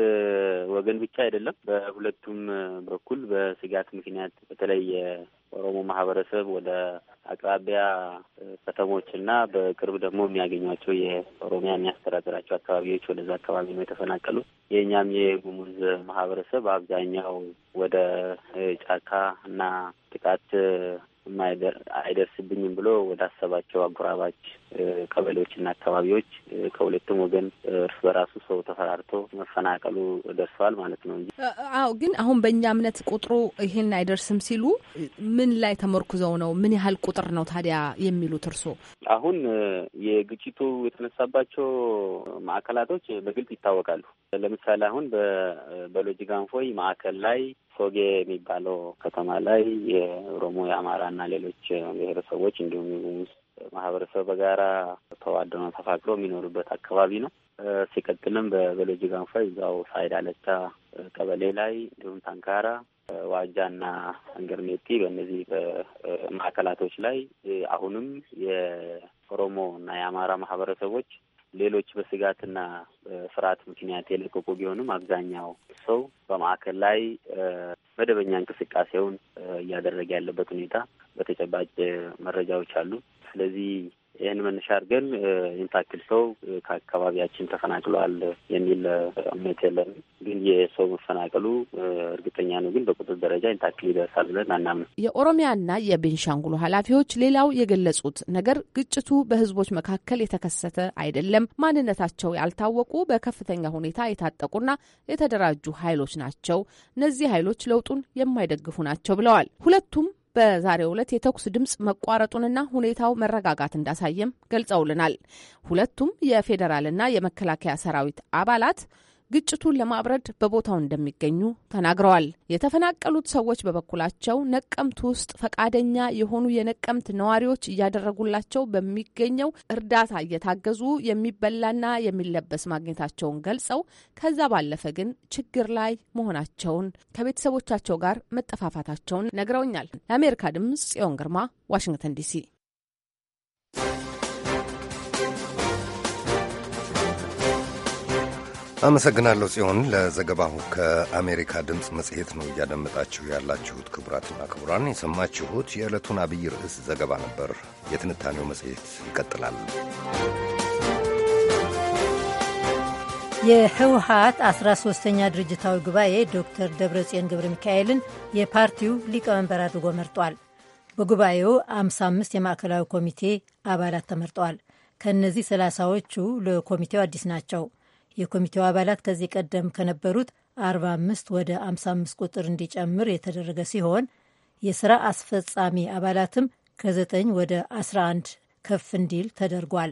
ወገን ብቻ አይደለም። በሁለቱም በኩል በስጋት ምክንያት በተለይ የኦሮሞ ማህበረሰብ ወደ አቅራቢያ ከተሞች እና በቅርብ ደግሞ የሚያገኟቸው የኦሮሚያ የሚያስተዳደራቸው አካባቢዎች ወደዛ አካባቢ ነው የተፈናቀሉት። የእኛም የጉሙዝ ማህበረሰብ አብዛኛው ወደ ጫካ እና ጥቃት አይደርስብኝም ብሎ ወደ አሰባቸው አጎራባች ቀበሌዎችና አካባቢዎች ከሁለቱም ወገን እርስ በራሱ ሰው ተፈራርቶ መፈናቀሉ ደርሰዋል ማለት ነው እንጂ አዎ። ግን አሁን በእኛ እምነት ቁጥሩ ይሄን አይደርስም ሲሉ ምን ላይ ተመርኩዘው ነው? ምን ያህል ቁጥር ነው ታዲያ የሚሉት እርስዎ? አሁን የግጭቱ የተነሳባቸው ማዕከላቶች በግልጽ ይታወቃሉ። ለምሳሌ አሁን በሎጂ ጋንፎይ ማዕከል ላይ ሶጌ የሚባለው ከተማ ላይ የኦሮሞ የአማራና ሌሎች ብሔረሰቦች እንዲሁም ውስጥ ማህበረሰብ በጋራ ተዋደኖ ተፋቅሮ የሚኖሩበት አካባቢ ነው። ሲቀጥልም በበሎጂ ጋንፋ እዛው ሳይድ አለቻ ቀበሌ ላይ እንዲሁም ታንካራ፣ ዋጃና አንገርሜቲ በእነዚህ በማዕከላቶች ላይ አሁንም የኦሮሞ እና የአማራ ማህበረሰቦች ሌሎች በስጋትና ፍርሃት ምክንያት የለቀቁ ቢሆንም አብዛኛው ሰው በማዕከል ላይ መደበኛ እንቅስቃሴውን እያደረገ ያለበት ሁኔታ በተጨባጭ መረጃዎች አሉ። ስለዚህ ይህን መነሻ አድርገን ይህን ሰው ከአካባቢያችን ተፈናቅሏል የሚል እምነት የለን። ግን የሰው መፈናቀሉ እርግጠኛ ነው። ግን በቁጥር ደረጃ ይህን ይደርሳል ብለን አናምንም። የኦሮሚያና የቤንሻንጉሉ ኃላፊዎች ሌላው የገለጹት ነገር ግጭቱ በህዝቦች መካከል የተከሰተ አይደለም፣ ማንነታቸው ያልታወቁ በከፍተኛ ሁኔታ የታጠቁና የተደራጁ ኃይሎች ናቸው። እነዚህ ኃይሎች ለውጡን የማይደግፉ ናቸው ብለዋል። ሁለቱም በዛሬው ዕለት የተኩስ ድምፅ መቋረጡንና ሁኔታው መረጋጋት እንዳሳየም ገልጸውልናል። ሁለቱም የፌዴራልና የመከላከያ ሰራዊት አባላት ግጭቱን ለማብረድ በቦታው እንደሚገኙ ተናግረዋል። የተፈናቀሉት ሰዎች በበኩላቸው ነቀምት ውስጥ ፈቃደኛ የሆኑ የነቀምት ነዋሪዎች እያደረጉላቸው በሚገኘው እርዳታ እየታገዙ የሚበላና የሚለበስ ማግኘታቸውን ገልጸው ከዛ ባለፈ ግን ችግር ላይ መሆናቸውን ከቤተሰቦቻቸው ጋር መጠፋፋታቸውን ነግረውኛል። ለአሜሪካ ድምጽ ጽዮን ግርማ ዋሽንግተን ዲሲ አመሰግናለሁ ጽዮን ለዘገባው። ከአሜሪካ ድምፅ መጽሔት ነው እያደመጣችሁ ያላችሁት። ክቡራትና ክቡራን የሰማችሁት የዕለቱን አብይ ርዕስ ዘገባ ነበር። የትንታኔው መጽሔት ይቀጥላል። የህወሀት 13ኛ ድርጅታዊ ጉባኤ ዶክተር ደብረጽዮን ገብረ ሚካኤልን የፓርቲው ሊቀመንበር አድርጎ መርጧል። በጉባኤው 55 የማዕከላዊ ኮሚቴ አባላት ተመርጠዋል። ከእነዚህ ሰላሳዎቹ ለኮሚቴው አዲስ ናቸው። የኮሚቴው አባላት ከዚህ ቀደም ከነበሩት 45 ወደ 55 ቁጥር እንዲጨምር የተደረገ ሲሆን የስራ አስፈጻሚ አባላትም ከ9 ወደ 11 ከፍ እንዲል ተደርጓል።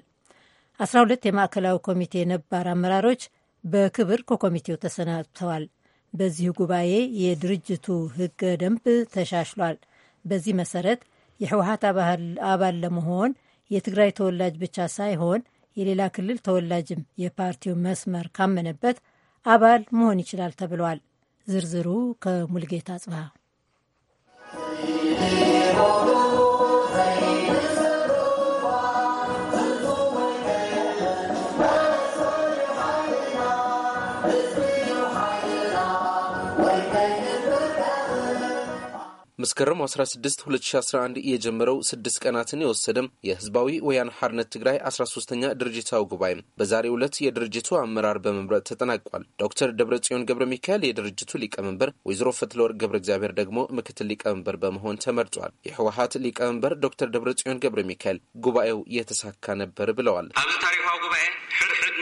12 የማዕከላዊ ኮሚቴ ነባር አመራሮች በክብር ከኮሚቴው ተሰናብተዋል። በዚህ ጉባኤ የድርጅቱ ሕገ ደንብ ተሻሽሏል። በዚህ መሰረት የህወሀት አባል ለመሆን የትግራይ ተወላጅ ብቻ ሳይሆን የሌላ ክልል ተወላጅም የፓርቲው መስመር ካመነበት አባል መሆን ይችላል ተብሏል። ዝርዝሩ ከሙልጌታ ጽብሃ መስከረም 16 2011 የጀመረው ስድስት ቀናትን የወሰደም የህዝባዊ ወያን ሐርነት ትግራይ 13 ተኛ ድርጅታዊ ጉባኤ በዛሬው ዕለት የድርጅቱ አመራር በመምረጥ ተጠናቋል። ዶክተር ደብረጽዮን ገብረ ሚካኤል የድርጅቱ ሊቀመንበር፣ ወይዘሮ ፈትለወርቅ ገብረ እግዚአብሔር ደግሞ ምክትል ሊቀመንበር በመሆን ተመርጧል። የህወሀት ሊቀመንበር ዶክተር ደብረጽዮን ገብረ ሚካኤል ጉባኤው የተሳካ ነበር ብለዋል። ኣብዚ ታሪካዊ ጉባኤ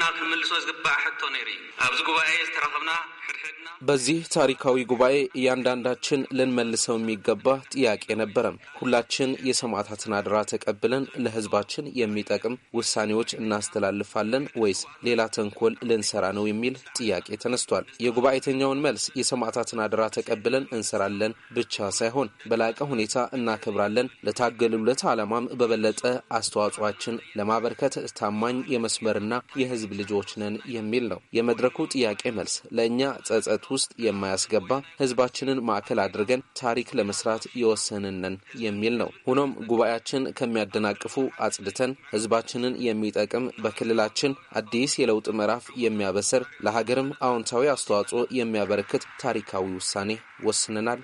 ናብ ክምልሶ ዝግባእ ሕቶ ነይሩ እዩ ኣብዚ ጉባኤ ዝተረኸብና ሕድሕድና በዚህ ታሪካዊ ጉባኤ እያንዳንዳችን ልንመልሰው የሚገባ ጥያቄ ነበረም። ሁላችን የሰማዕታትን አድራ ተቀብለን ለህዝባችን የሚጠቅም ውሳኔዎች እናስተላልፋለን ወይስ ሌላ ተንኮል ልንሰራ ነው የሚል ጥያቄ ተነስቷል። የጉባኤተኛውን መልስ የሰማዕታትን አድራ ተቀብለን እንሰራለን ብቻ ሳይሆን በላቀ ሁኔታ እናከብራለን፣ ለታገሉለት ዓላማም በበለጠ አስተዋጽኦችን ለማበርከት ታማኝ የመስመርና የሕዝብ ልጆች ነን የሚል ነው የመድረኩ ጥያቄ መልስ። ለእኛ ጸጸት ውስጥ የማያስገባ ህዝባችንን ማዕከል አድርገን ታሪክ ለመስራት የወሰንን ነን የሚል ነው። ሆኖም ጉባኤያችን ከሚያደናቅፉ አጽድተን ህዝባችንን የሚጠቅም በክልላችን አዲስ የለውጥ ምዕራፍ የሚያበስር ለሀገርም አዎንታዊ አስተዋጽኦ የሚያበረክት ታሪካዊ ውሳኔ ወስነናል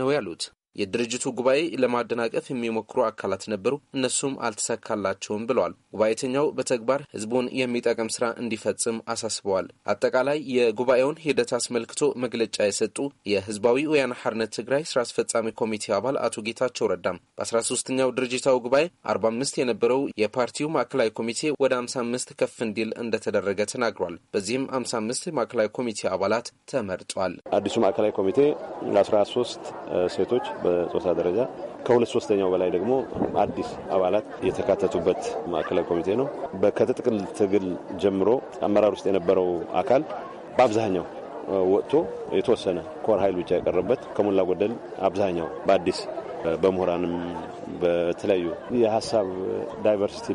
ነው ያሉት። የድርጅቱ ጉባኤ ለማደናቀፍ የሚሞክሩ አካላት ነበሩ፣ እነሱም አልተሳካላቸውም ብለዋል። ጉባኤተኛው በተግባር ህዝቡን የሚጠቅም ስራ እንዲፈጽም አሳስበዋል። አጠቃላይ የጉባኤውን ሂደት አስመልክቶ መግለጫ የሰጡ የህዝባዊ ወያነ ሐርነት ትግራይ ስራ አስፈጻሚ ኮሚቴ አባል አቶ ጌታቸው ረዳም በ13ኛው ድርጅታዊ ጉባኤ 45 የነበረው የፓርቲው ማዕከላዊ ኮሚቴ ወደ 55 ከፍ እንዲል እንደተደረገ ተናግሯል። በዚህም 55 ማዕከላዊ ኮሚቴ አባላት ተመርጧል። አዲሱ ማዕከላዊ ኮሚቴ ለ13 ሴቶች በጾታ ደረጃ ከሁለት ሶስተኛው በላይ ደግሞ አዲስ አባላት የተካተቱበት ማዕከላዊ ኮሚቴ ነው። ከትጥቅል ትግል ጀምሮ አመራር ውስጥ የነበረው አካል በአብዛኛው ወጥቶ የተወሰነ ኮር ኃይል ብቻ የቀረበት ከሞላ ጎደል አብዛኛው በአዲስ በምሁራንም በተለያዩ የሀሳብ ዳይቨርሲቲ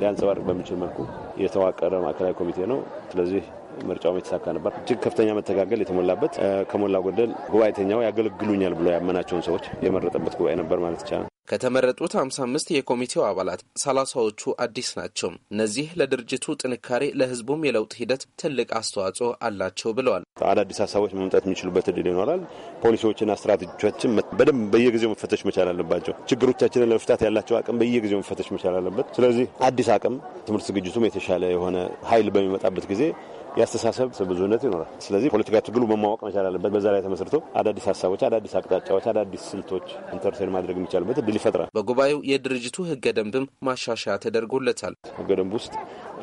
ሊያንጸባርቅ በሚችል መልኩ የተዋቀረ ማዕከላዊ ኮሚቴ ነው። ስለዚህ ምርጫው የተሳካ ነበር። እጅግ ከፍተኛ መተጋገል የተሞላበት ከሞላ ጎደል ጉባኤተኛው ያገለግሉኛል ብሎ ያመናቸውን ሰዎች የመረጠበት ጉባኤ ነበር ማለት ይቻላል። ከተመረጡት 55 የኮሚቴው አባላት ሰላሳዎቹ አዲስ ናቸው። እነዚህ ለድርጅቱ ጥንካሬ ለህዝቡም የለውጥ ሂደት ትልቅ አስተዋጽኦ አላቸው ብለዋል። አዳዲስ ሀሳቦች መምጣት የሚችሉበት እድል ይኖራል። ፖሊሲዎችና ስትራቴጂዎችን በደንብ በየጊዜው መፈተሽ መቻል አለባቸው። ችግሮቻችንን ለመፍታት ያላቸው አቅም በየጊዜው መፈተሽ መቻል አለበት። ስለዚህ አዲስ አቅም ትምህርት ዝግጅቱም የተሻለ የሆነ ኃይል በሚመጣበት ጊዜ የአስተሳሰብ ብዙነት ይኖራል። ስለዚህ ፖለቲካ ትግሉ መማወቅ መቻል አለበት። በዛ ላይ ተመስርቶ አዳዲስ ሀሳቦች፣ አዳዲስ አቅጣጫዎች፣ አዳዲስ ስልቶች ኢንተርቴን ማድረግ የሚቻልበት እድል ይፈጥራል። በጉባኤው የድርጅቱ ህገ ደንብም ማሻሻያ ተደርጎለታል። ህገ ደንብ ውስጥ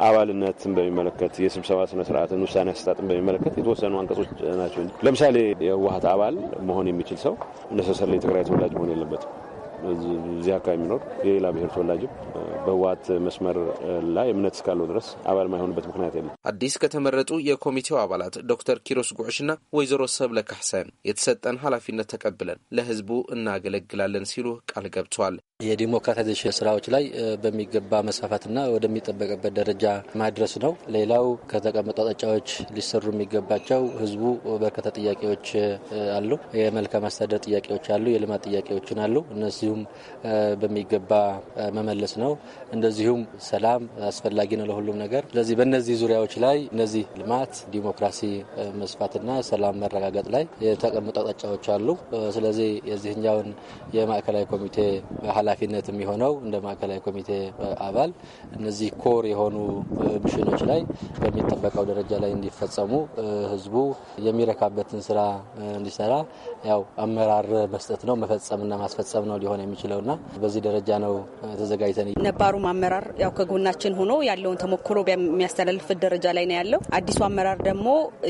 አባልነትን በሚመለከት የስብሰባ ስነ ስርዓትን ውሳኔ አሰጣጥን በሚመለከት የተወሰኑ አንቀጾች ናቸው። ለምሳሌ የህወሀት አባል መሆን የሚችል ሰው ነሰሰላ የትግራይ ተወላጅ መሆን የለበትም። እዚህ አካባቢ የሚኖር የሌላ ብሔር ተወላጅም በህወሓት መስመር ላይ እምነት እስካለው ድረስ አባል ማይሆንበት ምክንያት የለም። አዲስ ከተመረጡ የኮሚቴው አባላት ዶክተር ኪሮስ ጉዕሽና ወይዘሮ ሰብለ ካሕሰን የተሰጠን ኃላፊነት ተቀብለን ለህዝቡ እናገለግላለን ሲሉ ቃል ገብተዋል። የዲሞክራታይዜሽን ስራዎች ላይ በሚገባ መስፋፋትና ወደሚጠበቅበት ደረጃ ማድረስ ነው። ሌላው ከተቀመጡ አቅጣጫዎች ሊሰሩ የሚገባቸው ህዝቡ በርካታ ጥያቄዎች አሉ። የመልካም አስተዳደር ጥያቄዎች አሉ። የልማት ጥያቄዎችን አሉ እነዚሁ እንደዚሁም በሚገባ መመለስ ነው። እንደዚሁም ሰላም አስፈላጊ ነው ለሁሉም ነገር። ስለዚህ በእነዚህ ዙሪያዎች ላይ እነዚህ ልማት፣ ዲሞክራሲ መስፋትና ሰላም መረጋገጥ ላይ የተቀመጡ አቅጣጫዎች አሉ። ስለዚህ የዚህኛውን የማዕከላዊ ኮሚቴ ኃላፊነት የሚሆነው እንደ ማዕከላዊ ኮሚቴ አባል እነዚህ ኮር የሆኑ ምሽኖች ላይ በሚጠበቀው ደረጃ ላይ እንዲፈጸሙ ህዝቡ የሚረካበትን ስራ እንዲሰራ ያው አመራር መስጠት ነው መፈጸምና ማስፈጸም ነው ሊሆን የሚችለው የሚችለውና በዚህ ደረጃ ነው ተዘጋጅተን። ነባሩም አመራር ያው ከጎናችን ሆኖ ያለውን ተሞክሮ የሚያስተላልፍት ደረጃ ላይ ነው ያለው። አዲሱ አመራር ደግሞ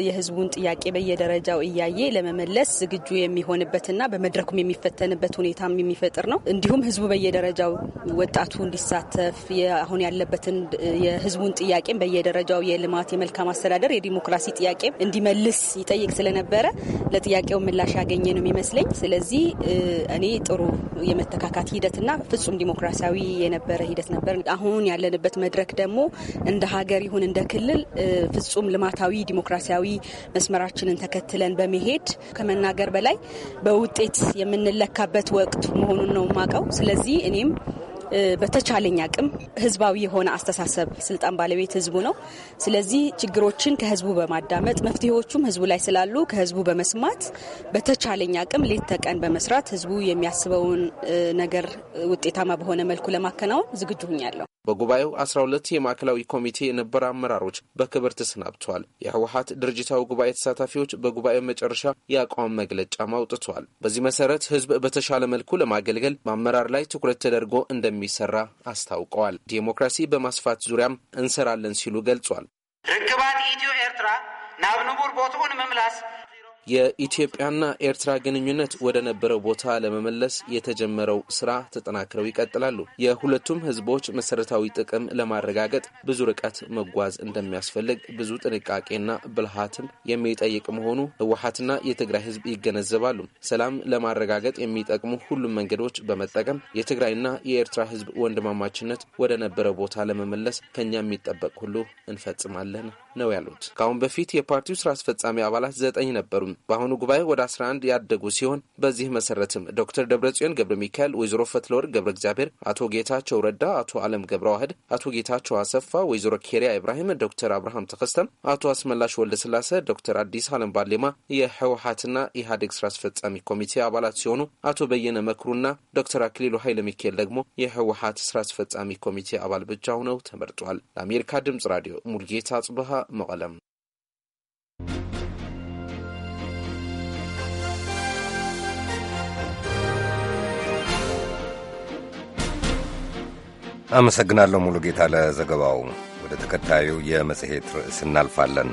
የህዝቡን ጥያቄ በየደረጃው እያየ ለመመለስ ዝግጁ የሚሆንበትና በመድረኩም የሚፈተንበት ሁኔታም የሚፈጥር ነው። እንዲሁም ህዝቡ በየደረጃው ወጣቱ እንዲሳተፍ አሁን ያለበትን የህዝቡን ጥያቄም በየደረጃው የልማት፣ የመልካም አስተዳደር፣ የዲሞክራሲ ጥያቄም እንዲመልስ ይጠይቅ ስለነበረ ለጥያቄው ምላሽ ያገኘ ነው የሚመስለኝ። ስለዚህ እኔ ጥሩ የመተካካት ሂደትና ፍጹም ዲሞክራሲያዊ የነበረ ሂደት ነበር። አሁን ያለንበት መድረክ ደግሞ እንደ ሀገር ይሁን እንደ ክልል ፍጹም ልማታዊ ዲሞክራሲያዊ መስመራችንን ተከትለን በመሄድ ከመናገር በላይ በውጤት የምንለካበት ወቅት መሆኑን ነው የማውቀው። ስለዚህ እኔም በተቻለኝ አቅም ህዝባዊ የሆነ አስተሳሰብ ስልጣን ባለቤት ህዝቡ ነው። ስለዚህ ችግሮችን ከህዝቡ በማዳመጥ መፍትሄዎቹም ህዝቡ ላይ ስላሉ ከህዝቡ በመስማት በተቻለኝ አቅም ሌት ተቀን በመስራት ህዝቡ የሚያስበውን ነገር ውጤታማ በሆነ መልኩ ለማከናወን ዝግጁ ሁኛለሁ። በጉባኤው 12 የማዕከላዊ ኮሚቴ የነበረ አመራሮች በክብር ተሰናብተዋል። የህወሀት ድርጅታዊ ጉባኤ ተሳታፊዎች በጉባኤው መጨረሻ የአቋም መግለጫም አውጥተዋል። በዚህ መሰረት ህዝብ በተሻለ መልኩ ለማገልገል በአመራር ላይ ትኩረት ተደርጎ እንደሚ እንደሚሰራ አስታውቀዋል። ዴሞክራሲ በማስፋት ዙሪያም እንሰራለን ሲሉ ገልጿል። ርክባት ኢትዮ ኤርትራ ናብ ንቡር ቦትኡን ምምላስ የኢትዮጵያና ኤርትራ ግንኙነት ወደ ነበረው ቦታ ለመመለስ የተጀመረው ስራ ተጠናክረው ይቀጥላሉ። የሁለቱም ህዝቦች መሰረታዊ ጥቅም ለማረጋገጥ ብዙ ርቀት መጓዝ እንደሚያስፈልግ ብዙ ጥንቃቄና ብልሃትም የሚጠይቅ መሆኑ ህወሀትና የትግራይ ህዝብ ይገነዘባሉ። ሰላም ለማረጋገጥ የሚጠቅሙ ሁሉም መንገዶች በመጠቀም የትግራይና የኤርትራ ህዝብ ወንድማማችነት ወደ ነበረው ቦታ ለመመለስ ከኛ የሚጠበቅ ሁሉ እንፈጽማለን ነው ያሉት። ከአሁን በፊት የፓርቲው ስራ አስፈጻሚ አባላት ዘጠኝ ነበሩ። በአሁኑ ጉባኤ ወደ 11 ያደጉ ሲሆን በዚህ መሰረትም ዶክተር ደብረጽዮን ገብረ ሚካኤል፣ ወይዘሮ ፈትለወርቅ ገብረ እግዚአብሔር፣ አቶ ጌታቸው ረዳ፣ አቶ አለም ገብረ ዋህድ፣ አቶ ጌታቸው አሰፋ፣ ወይዘሮ ኬሪያ ኢብራሂም፣ ዶክተር አብርሃም ተከስተም፣ አቶ አስመላሽ ወልደ ስላሴ፣ ዶክተር አዲስ አለም ባሌማ የህወሀትና ኢህአዴግ ስራ አስፈጻሚ ኮሚቴ አባላት ሲሆኑ አቶ በየነ መክሩና ዶክተር አክሊሉ ኃይለ ሚካኤል ደግሞ የህወሀት ስራ አስፈጻሚ ኮሚቴ አባል ብቻ ሆነው ተመርጧል። ለአሜሪካ ድምጽ ራዲዮ ሙልጌታ ጽብሃ መቀለም አመሰግናለሁ ሙሉ ጌታ ለዘገባው። ወደ ተከታዩ የመጽሔት ርዕስ እናልፋለን።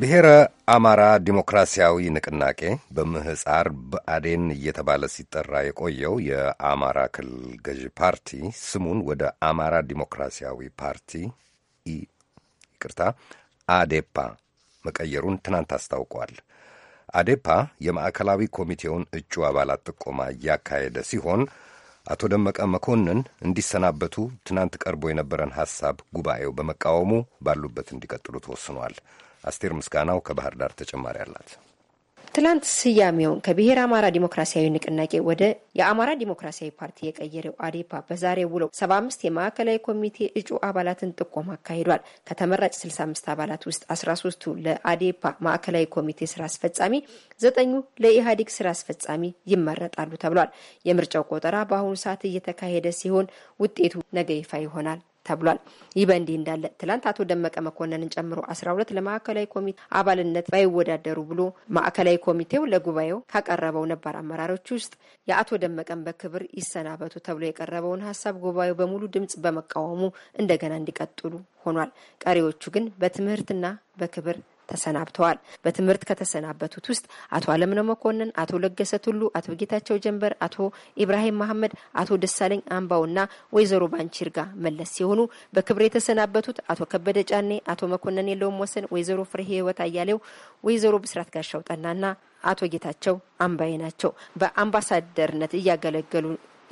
ብሔረ አማራ ዲሞክራሲያዊ ንቅናቄ በምህፃር ብአዴን እየተባለ ሲጠራ የቆየው የአማራ ክልል ገዢ ፓርቲ ስሙን ወደ አማራ ዲሞክራሲያዊ ፓርቲ ይቅርታ አዴፓ መቀየሩን ትናንት አስታውቋል። አዴፓ የማዕከላዊ ኮሚቴውን እጩ አባላት ጥቆማ እያካሄደ ሲሆን አቶ ደመቀ መኮንን እንዲሰናበቱ ትናንት ቀርቦ የነበረን ሐሳብ ጉባኤው በመቃወሙ ባሉበት እንዲቀጥሉ ተወስኗል። አስቴር ምስጋናው ከባህር ዳር ተጨማሪ አላት። ትላንት ስያሜውን ከብሔር አማራ ዲሞክራሲያዊ ንቅናቄ ወደ የአማራ ዲሞክራሲያዊ ፓርቲ የቀየረው አዴፓ በዛሬ ውሎ ሰባ አምስት የማዕከላዊ ኮሚቴ እጩ አባላትን ጥቆማ አካሂዷል። ከተመራጭ ስልሳ አምስት አባላት ውስጥ አስራ ሶስቱ ለአዴፓ ማዕከላዊ ኮሚቴ ስራ አስፈጻሚ፣ ዘጠኙ ለኢህአዴግ ስራ አስፈጻሚ ይመረጣሉ ተብሏል። የምርጫው ቆጠራ በአሁኑ ሰዓት እየተካሄደ ሲሆን ውጤቱ ነገ ይፋ ይሆናል። ተብሏል። ይህ በእንዲህ እንዳለ ትላንት አቶ ደመቀ መኮንንን ጨምሮ አስራ ሁለት ለማዕከላዊ ኮሚቴ አባልነት ባይወዳደሩ ብሎ ማዕከላዊ ኮሚቴው ለጉባኤው ካቀረበው ነባር አመራሮች ውስጥ የአቶ ደመቀን በክብር ይሰናበቱ ተብሎ የቀረበውን ሀሳብ ጉባኤው በሙሉ ድምጽ በመቃወሙ እንደገና እንዲቀጥሉ ሆኗል። ቀሪዎቹ ግን በትምህርትና በክብር ተሰናብተዋል። በትምህርት ከተሰናበቱት ውስጥ አቶ አለምነው መኮንን፣ አቶ ለገሰ ቱሉ፣ አቶ ጌታቸው ጀንበር፣ አቶ ኢብራሂም መሐመድ፣ አቶ ደሳለኝ አምባውና ወይዘሮ ባንቺርጋ መለስ ሲሆኑ በክብር የተሰናበቱት አቶ ከበደ ጫኔ፣ አቶ መኮንን የለውም ወሰን፣ ወይዘሮ ፍሬ ህይወት አያሌው፣ ወይዘሮ ብስራት ጋሻው ጠናና አቶ ጌታቸው አምባዬ ናቸው። በአምባሳደርነት እያገለገሉ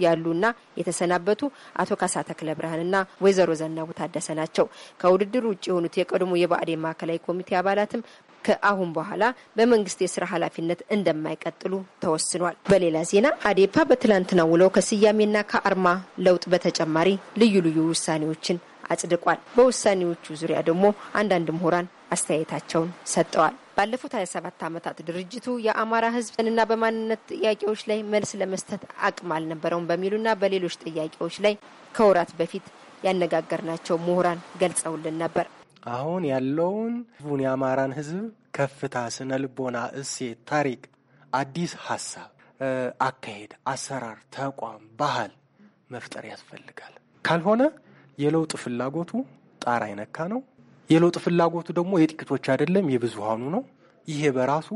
ያሉና የተሰናበቱ አቶ ካሳ ተክለ ብርሃንና ወይዘሮ ዘናቡ ታደሰ ናቸው። ከውድድሩ ውጭ የሆኑት የቀድሞ የባዕዴ ማዕከላዊ ኮሚቴ አባላትም ከአሁን በኋላ በመንግስት የስራ ኃላፊነት እንደማይቀጥሉ ተወስኗል። በሌላ ዜና አዴፓ በትላንትና ውለው ከስያሜና ከአርማ ለውጥ በተጨማሪ ልዩ ልዩ ውሳኔዎችን አጽድቋል። በውሳኔዎቹ ዙሪያ ደግሞ አንዳንድ ምሁራን አስተያየታቸውን ሰጥተዋል። ባለፉት 27 ዓመታት ድርጅቱ የአማራ ሕዝብንና በማንነት ጥያቄዎች ላይ መልስ ለመስጠት አቅም አልነበረውም በሚሉና በሌሎች ጥያቄዎች ላይ ከወራት በፊት ያነጋገርናቸው ምሁራን ገልጸውልን ነበር። አሁን ያለውን ህዝቡን የአማራን ህዝብ ከፍታ፣ ስነ ልቦና፣ እሴት፣ ታሪክ፣ አዲስ ሀሳብ፣ አካሄድ፣ አሰራር፣ ተቋም፣ ባህል መፍጠር ያስፈልጋል። ካልሆነ የለውጥ ፍላጎቱ ጣራ ይነካ ነው የለውጥ ፍላጎቱ ደግሞ የጥቂቶች አይደለም፣ የብዙሃኑ ነው። ይሄ በራሱ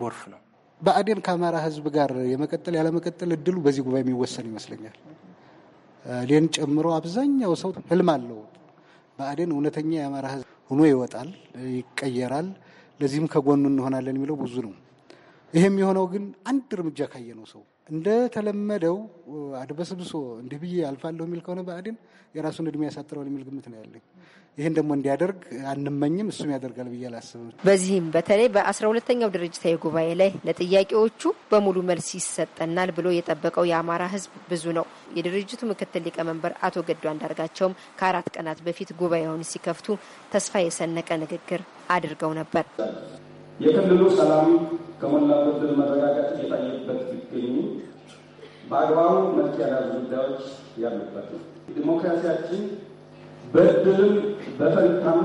ጎርፍ ነው። በአዴን ከአማራ ህዝብ ጋር የመቀጠል ያለመቀጠል እድሉ በዚህ ጉባኤ የሚወሰን ይመስለኛል። ሌን ጨምሮ አብዛኛው ሰው ህልም አለው። በአዴን እውነተኛ የአማራ ህዝብ ሆኖ ይወጣል፣ ይቀየራል፣ ለዚህም ከጎኑ እንሆናለን የሚለው ብዙ ነው። ይሄ የሚሆነው ግን አንድ እርምጃ ካየ ነው ሰው እንደተለመደው አድበስብሶ እንዲህ ብዬ አልፋለሁ የሚል ከሆነ ብአዴን የራሱን እድሜ ያሳጥረዋል የሚል ግምት ነው ያለኝ። ይህን ደግሞ እንዲያደርግ አንመኝም፣ እሱም ያደርጋል ብዬ አላስብም። በዚህም በተለይ በአስራ ሁለተኛው ድርጅታዊ ጉባኤ ላይ ለጥያቄዎቹ በሙሉ መልስ ይሰጠናል ብሎ የጠበቀው የአማራ ሕዝብ ብዙ ነው። የድርጅቱ ምክትል ሊቀመንበር አቶ ገዱ አንዳርጋቸውም ከአራት ቀናት በፊት ጉባኤውን ሲከፍቱ ተስፋ የሰነቀ ንግግር አድርገው ነበር። የክልሉ ሰላም ከሞላ ጎደል መረጋጋት እየታየበት ቢገኙ በአግባቡ መልክ ያልያዙ ጉዳዮች ያሉበት ነው። ዲሞክራሲያችን በድልም በፈንታም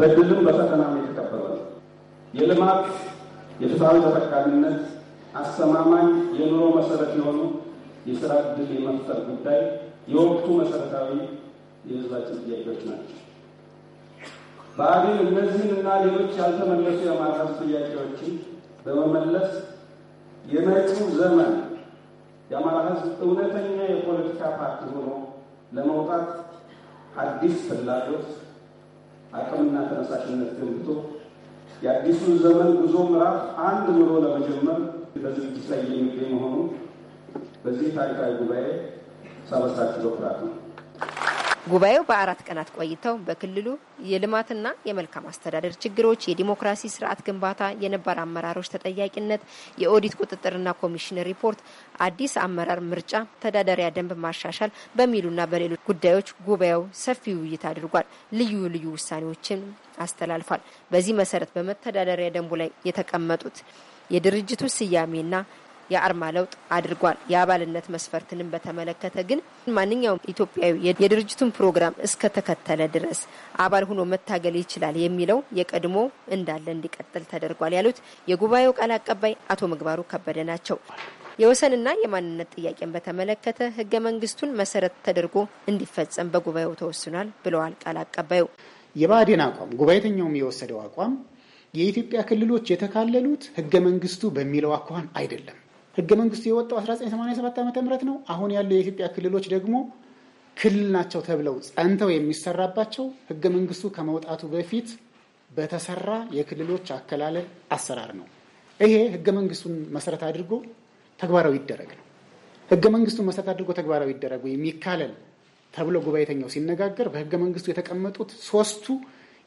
በድልም በፈተናም የተከበረ ነው። የልማት የፍትሐዊ ተጠቃሚነት፣ አስተማማኝ የኑሮ መሰረት የሆኑ የስራ እድል የመፍጠር ጉዳይ የወቅቱ መሰረታዊ የህዝባችን ጥያቄዎች ናቸው። እነዚህን እና ሌሎች ያልተመለሱ የማዕረግ ጥያቄዎችን በመመለስ የመጪው ዘመን የአማራ ሕዝብ እውነተኛ የፖለቲካ ፓርቲ ሆኖ ለመውጣት አዲስ ፍላጎት አቅምና ተነሳሽነት ገንብቶ የአዲሱ ዘመን ጉዞ ምዕራፍ አንድ ምሮ ለመጀመር በዝግጅት ላይ የሚገኝ መሆኑ በዚህ ታሪካዊ ጉባኤ ሳበሳችሁ በኩራት ነው። ጉባኤው በአራት ቀናት ቆይተው በክልሉ የልማትና የመልካም አስተዳደር ችግሮች፣ የዲሞክራሲ ስርዓት ግንባታ፣ የነባር አመራሮች ተጠያቂነት፣ የኦዲት ቁጥጥርና ኮሚሽን ሪፖርት፣ አዲስ አመራር ምርጫ፣ ተዳደሪያ ደንብ ማሻሻል በሚሉና በሌሎች ጉዳዮች ጉባኤው ሰፊ ውይይት አድርጓል። ልዩ ልዩ ውሳኔዎችን አስተላልፏል። በዚህ መሰረት በመተዳደሪያ ደንቡ ላይ የተቀመጡት የድርጅቱ ስያሜና የአርማ ለውጥ አድርጓል። የአባልነት መስፈርትንም በተመለከተ ግን ማንኛውም ኢትዮጵያዊ የድርጅቱን ፕሮግራም እስከተከተለ ድረስ አባል ሆኖ መታገል ይችላል የሚለው የቀድሞ እንዳለ እንዲቀጥል ተደርጓል ያሉት የጉባኤው ቃል አቀባይ አቶ ምግባሩ ከበደ ናቸው። የወሰንና የማንነት ጥያቄን በተመለከተ ህገ መንግስቱን መሰረት ተደርጎ እንዲፈጸም በጉባኤው ተወስኗል ብለዋል ቃል አቀባዩ። የባህዴን አቋም ጉባኤተኛውም የወሰደው አቋም የኢትዮጵያ ክልሎች የተካለሉት ህገ መንግስቱ በሚለው አኳን አይደለም። ህገ መንግስቱ የወጣው 1987 ዓ ም ነው። አሁን ያሉ የኢትዮጵያ ክልሎች ደግሞ ክልል ናቸው ተብለው ጸንተው የሚሰራባቸው ህገ መንግስቱ ከመውጣቱ በፊት በተሰራ የክልሎች አከላለል አሰራር ነው። ይሄ ህገ መንግስቱን መሰረት አድርጎ ተግባራዊ ይደረግ ነው። ህገ መንግስቱን መሰረት አድርጎ ተግባራዊ ይደረግ ወይም ይካለል ተብሎ ጉባኤተኛው ሲነጋገር በህገ መንግስቱ የተቀመጡት ሶስቱ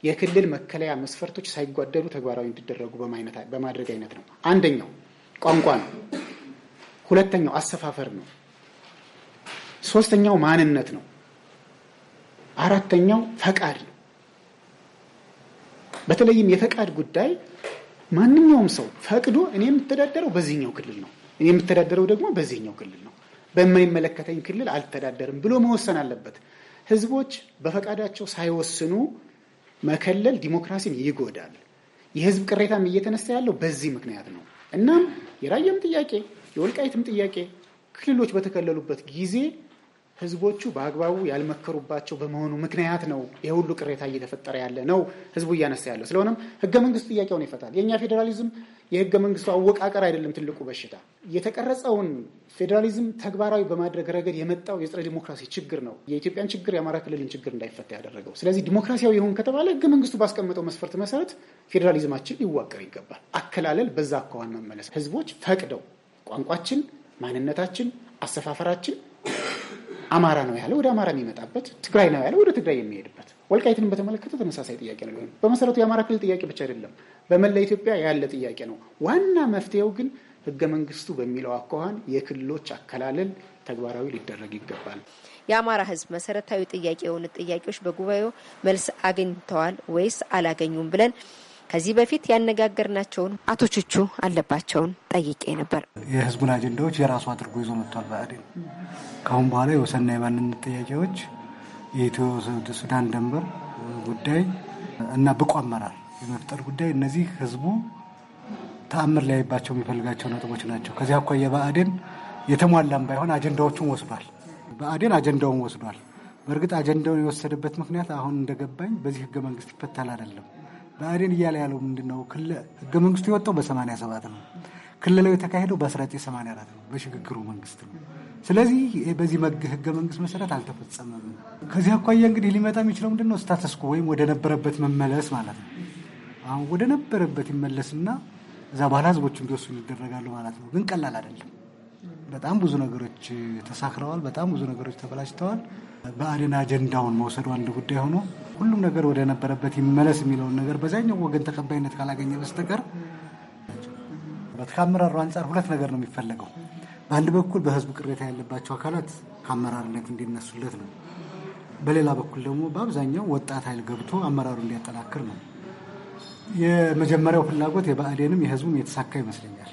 የክልል መከለያ መስፈርቶች ሳይጓደሉ ተግባራዊ እንዲደረጉ በማድረግ አይነት ነው። አንደኛው ቋንቋ ነው። ሁለተኛው አሰፋፈር ነው። ሶስተኛው ማንነት ነው። አራተኛው ፈቃድ ነው። በተለይም የፈቃድ ጉዳይ ማንኛውም ሰው ፈቅዶ እኔ የምተዳደረው በዚህኛው ክልል ነው፣ እኔ የምተዳደረው ደግሞ በዚህኛው ክልል ነው፣ በማይመለከተኝ ክልል አልተዳደርም ብሎ መወሰን አለበት። ህዝቦች በፈቃዳቸው ሳይወስኑ መከለል ዲሞክራሲን ይጎዳል። የህዝብ ቅሬታም እየተነሳ ያለው በዚህ ምክንያት ነው። እናም የራየም ጥያቄ የወልቃይትም ጥያቄ ክልሎች በተከለሉበት ጊዜ ህዝቦቹ በአግባቡ ያልመከሩባቸው በመሆኑ ምክንያት ነው የሁሉ ቅሬታ እየተፈጠረ ያለ ነው ህዝቡ እያነሳ ያለው። ስለሆነም ህገ መንግስት ጥያቄውን ይፈታል። የእኛ ፌዴራሊዝም የህገ መንግስቱ አወቃቀር አይደለም ትልቁ በሽታ። የተቀረጸውን ፌዴራሊዝም ተግባራዊ በማድረግ ረገድ የመጣው የጸረ ዲሞክራሲ ችግር ነው የኢትዮጵያን ችግር የአማራ ክልልን ችግር እንዳይፈታ ያደረገው። ስለዚህ ዲሞክራሲያዊ ይሁን ከተባለ ህገ መንግስቱ ባስቀመጠው መስፈርት መሰረት ፌዴራሊዝማችን ሊዋቀር ይገባል። አከላለል በዛ አኳኋን መመለስ ህዝቦች ፈቅደው ቋንቋችን፣ ማንነታችን፣ አሰፋፈራችን አማራ ነው ያለ ወደ አማራ የሚመጣበት፣ ትግራይ ነው ያለ ወደ ትግራይ የሚሄድበት፣ ወልቃይትን በተመለከተ ተመሳሳይ ጥያቄ ነው። በመሰረቱ የአማራ ክልል ጥያቄ ብቻ አይደለም፣ በመላ ኢትዮጵያ ያለ ጥያቄ ነው። ዋና መፍትሄው ግን ህገ መንግስቱ በሚለው አኳኋን የክልሎች አከላለል ተግባራዊ ሊደረግ ይገባል። የአማራ ህዝብ መሰረታዊ ጥያቄ የሆኑት ጥያቄዎች በጉባኤው መልስ አግኝተዋል ወይስ አላገኙም ብለን ከዚህ በፊት ያነጋገርናቸውን አቶ ቹቹ አለባቸውን ጠይቄ ነበር። የህዝቡን አጀንዳዎች የራሱ አድርጎ ይዞ መጥቷል። ብአዴን ከአሁን በኋላ የወሰንና የማንነት ጥያቄዎች፣ የኢትዮ ሱዳን ድንበር ጉዳይ እና ብቁ አመራር የመፍጠር ጉዳይ እነዚህ ህዝቡ ተአምር ሊያይባቸው የሚፈልጋቸው ነጥቦች ናቸው። ከዚህ አኳያ ብአዴን የተሟላም ባይሆን አጀንዳዎቹን ወስዷል። ብአዴን አጀንዳውን ወስዷል። በእርግጥ አጀንዳውን የወሰደበት ምክንያት አሁን እንደገባኝ በዚህ ህገ መንግስት ይፈታል አይደለም ብአዴን እያለ ያለው ምንድን ነው? ህገ መንግስቱ የወጣው በ87 ነው። ክልላዊ የተካሄደው በ1984 ነው፣ በሽግግሩ መንግስት ነው። ስለዚህ በዚህ ህገ መንግስት መሰረት አልተፈጸመም። ከዚህ አኳያ እንግዲህ ሊመጣ የሚችለው ምንድን ነው? ስታተስኮ ወይም ወደ ነበረበት መመለስ ማለት ነው። አሁን ወደ ነበረበት ይመለስና እዛ በኋላ ህዝቦች እንዲወስኑ ይደረጋሉ ማለት ነው። ግን ቀላል አይደለም። በጣም ብዙ ነገሮች ተሳክረዋል። በጣም ብዙ ነገሮች ተበላሽተዋል። በአዴን አጀንዳውን መውሰዱ አንድ ጉዳይ ሆኖ ሁሉም ነገር ወደ ነበረበት ይመለስ የሚለውን ነገር በዛኛው ወገን ተቀባይነት ካላገኘ በስተቀር ከአመራሩ አንጻር ሁለት ነገር ነው የሚፈለገው። በአንድ በኩል በህዝቡ ቅሬታ ያለባቸው አካላት ከአመራርነት እንዲነሱለት ነው። በሌላ በኩል ደግሞ በአብዛኛው ወጣት ኃይል ገብቶ አመራሩ እንዲያጠናክር ነው። የመጀመሪያው ፍላጎት የብአዴንም የህዝቡም የተሳካ ይመስለኛል።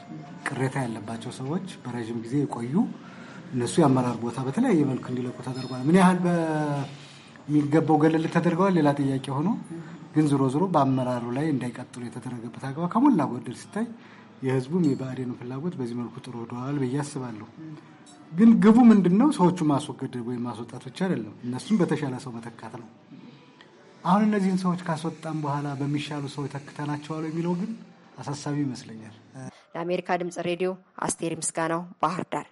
ቅሬታ ያለባቸው ሰዎች በረዥም ጊዜ የቆዩ እነሱ የአመራር ቦታ በተለያየ መልክ እንዲለቁ ተደርጓል። ምን ያህል የሚገባው ገለል ተደርገዋል። ሌላ ጥያቄ ሆኖ ግን ዝሮ ዝሮ በአመራሩ ላይ እንዳይቀጥሉ የተደረገበት አግባብ ከሞላ ጎደል ሲታይ የህዝቡም የብአዴኑ ፍላጎት በዚህ መልኩ ጥሩ ሄደዋል ብዬ አስባለሁ። ግን ግቡ ምንድን ነው? ሰዎቹ ማስወገድ ወይም ማስወጣት ብቻ አይደለም፣ እነሱም በተሻለ ሰው መተካት ነው። አሁን እነዚህን ሰዎች ካስወጣም በኋላ በሚሻሉ ሰዎች ተክተናቸዋል የሚለው ግን አሳሳቢ ይመስለኛል። ለአሜሪካ ድምጽ ሬዲዮ አስቴር ምስጋናው ባህር ዳር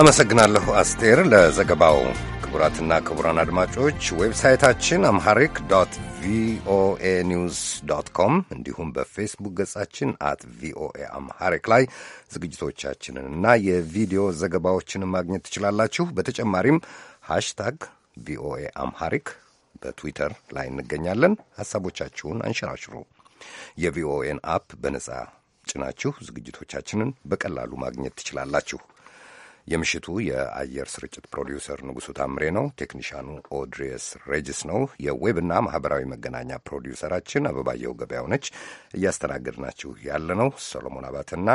አመሰግናለሁ አስቴር ለዘገባው። ክቡራትና ክቡራን አድማጮች ዌብሳይታችን አምሐሪክ ዶት ቪኦኤ ኒውስ ዶት ኮም እንዲሁም በፌስቡክ ገጻችን አት ቪኦኤ አምሐሪክ ላይ ዝግጅቶቻችንንና የቪዲዮ ዘገባዎችን ማግኘት ትችላላችሁ። በተጨማሪም ሃሽታግ ቪኦኤ አምሐሪክ በትዊተር ላይ እንገኛለን። ሐሳቦቻችሁን አንሸራሽሩ። የቪኦኤን አፕ በነጻ ጭናችሁ ዝግጅቶቻችንን በቀላሉ ማግኘት ትችላላችሁ። የምሽቱ የአየር ስርጭት ፕሮዲውሰር ንጉሱ ታምሬ ነው። ቴክኒሻኑ ኦድሪየስ ሬጅስ ነው። የዌብና ማህበራዊ መገናኛ ፕሮዲውሰራችን አበባየው ገበያው ነች። እያስተናገድናችሁ ያለ ነው ሰሎሞን አባትና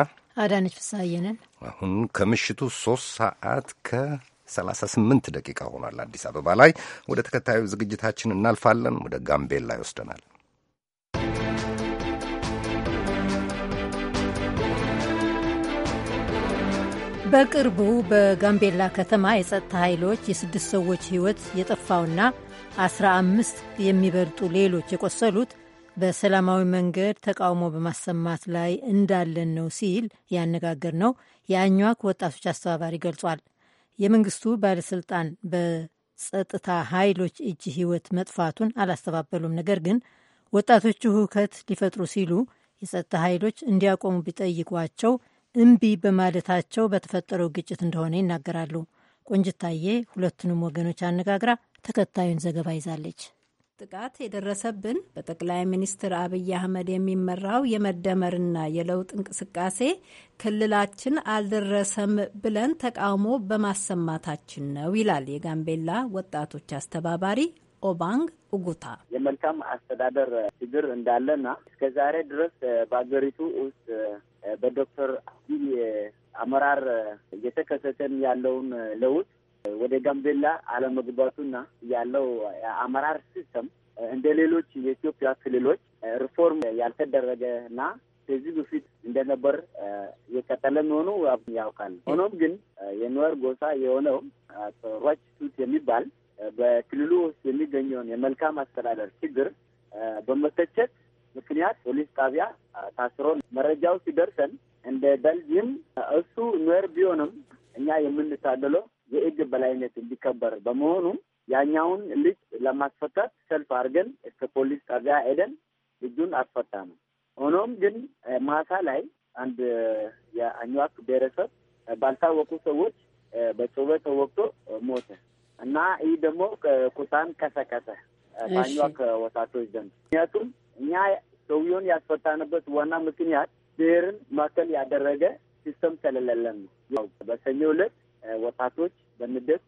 አዳነች ፍሳየንን። አሁን ከምሽቱ ሶስት ሰዓት ከ38 ደቂቃ ሆኗል አዲስ አበባ ላይ። ወደ ተከታዩ ዝግጅታችን እናልፋለን። ወደ ጋምቤላ ይወስደናል። በቅርቡ በጋምቤላ ከተማ የጸጥታ ኃይሎች የስድስት ሰዎች ሕይወት የጠፋውና አስራ አምስት የሚበልጡ ሌሎች የቆሰሉት በሰላማዊ መንገድ ተቃውሞ በማሰማት ላይ እንዳለን ነው ሲል ያነጋገር ነው የአኟክ ወጣቶች አስተባባሪ ገልጿል። የመንግስቱ ባለስልጣን በጸጥታ ኃይሎች እጅ ሕይወት መጥፋቱን አላስተባበሉም። ነገር ግን ወጣቶቹ ሁከት ሊፈጥሩ ሲሉ የጸጥታ ኃይሎች እንዲያቆሙ ቢጠይቋቸው እምቢ በማለታቸው በተፈጠረው ግጭት እንደሆነ ይናገራሉ። ቆንጅታዬ ሁለቱንም ወገኖች አነጋግራ ተከታዩን ዘገባ ይዛለች። ጥቃት የደረሰብን በጠቅላይ ሚኒስትር አብይ አህመድ የሚመራው የመደመርና የለውጥ እንቅስቃሴ ክልላችን አልደረሰም ብለን ተቃውሞ በማሰማታችን ነው ይላል የጋምቤላ ወጣቶች አስተባባሪ ኦባንግ ኡጉታ የመልካም አስተዳደር ችግር እንዳለና እስከ ዛሬ ድረስ በሀገሪቱ ውስጥ በዶክተር አብይ አመራር እየተከሰተን ያለውን ለውጥ ወደ ጋምቤላ አለመግባቱና ያለው አመራር ሲስተም እንደ ሌሎች የኢትዮጵያ ክልሎች ሪፎርም ያልተደረገና ከዚህ በፊት እንደነበር የቀጠለ መሆኑ ያውቃል። ሆኖም ግን የኑዌር ጎሳ የሆነው ሯች ቱት የሚባል በክልሉ ውስጥ የሚገኘውን የመልካም አስተዳደር ችግር በመተቸት ምክንያት ፖሊስ ጣቢያ ታስሮ መረጃው ሲደርሰን እንደ በልጅም እሱ ኑዌር ቢሆንም እኛ የምንታደለው የህግ በላይነት እንዲከበር በመሆኑ ያኛውን ልጅ ለማስፈታት ሰልፍ አድርገን እስከ ፖሊስ ጣቢያ ሄደን ልጁን አስፈታ ነው። ሆኖም ግን ማታ ላይ አንድ የአኝዋክ ብሔረሰብ ባልታወቁ ሰዎች በጩቤ ተወቅቶ ሞተ። እና ይህ ደግሞ ቁጣን ከሰከሰ ባኛ ከወጣቶች ዘንድ። ምክንያቱም እኛ ሰውየውን ያስፈታንበት ዋና ምክንያት ብሔርን ማዕከል ያደረገ ሲስተም ስለሌለን ነው። በሰኞ ዕለት ወጣቶች በንደት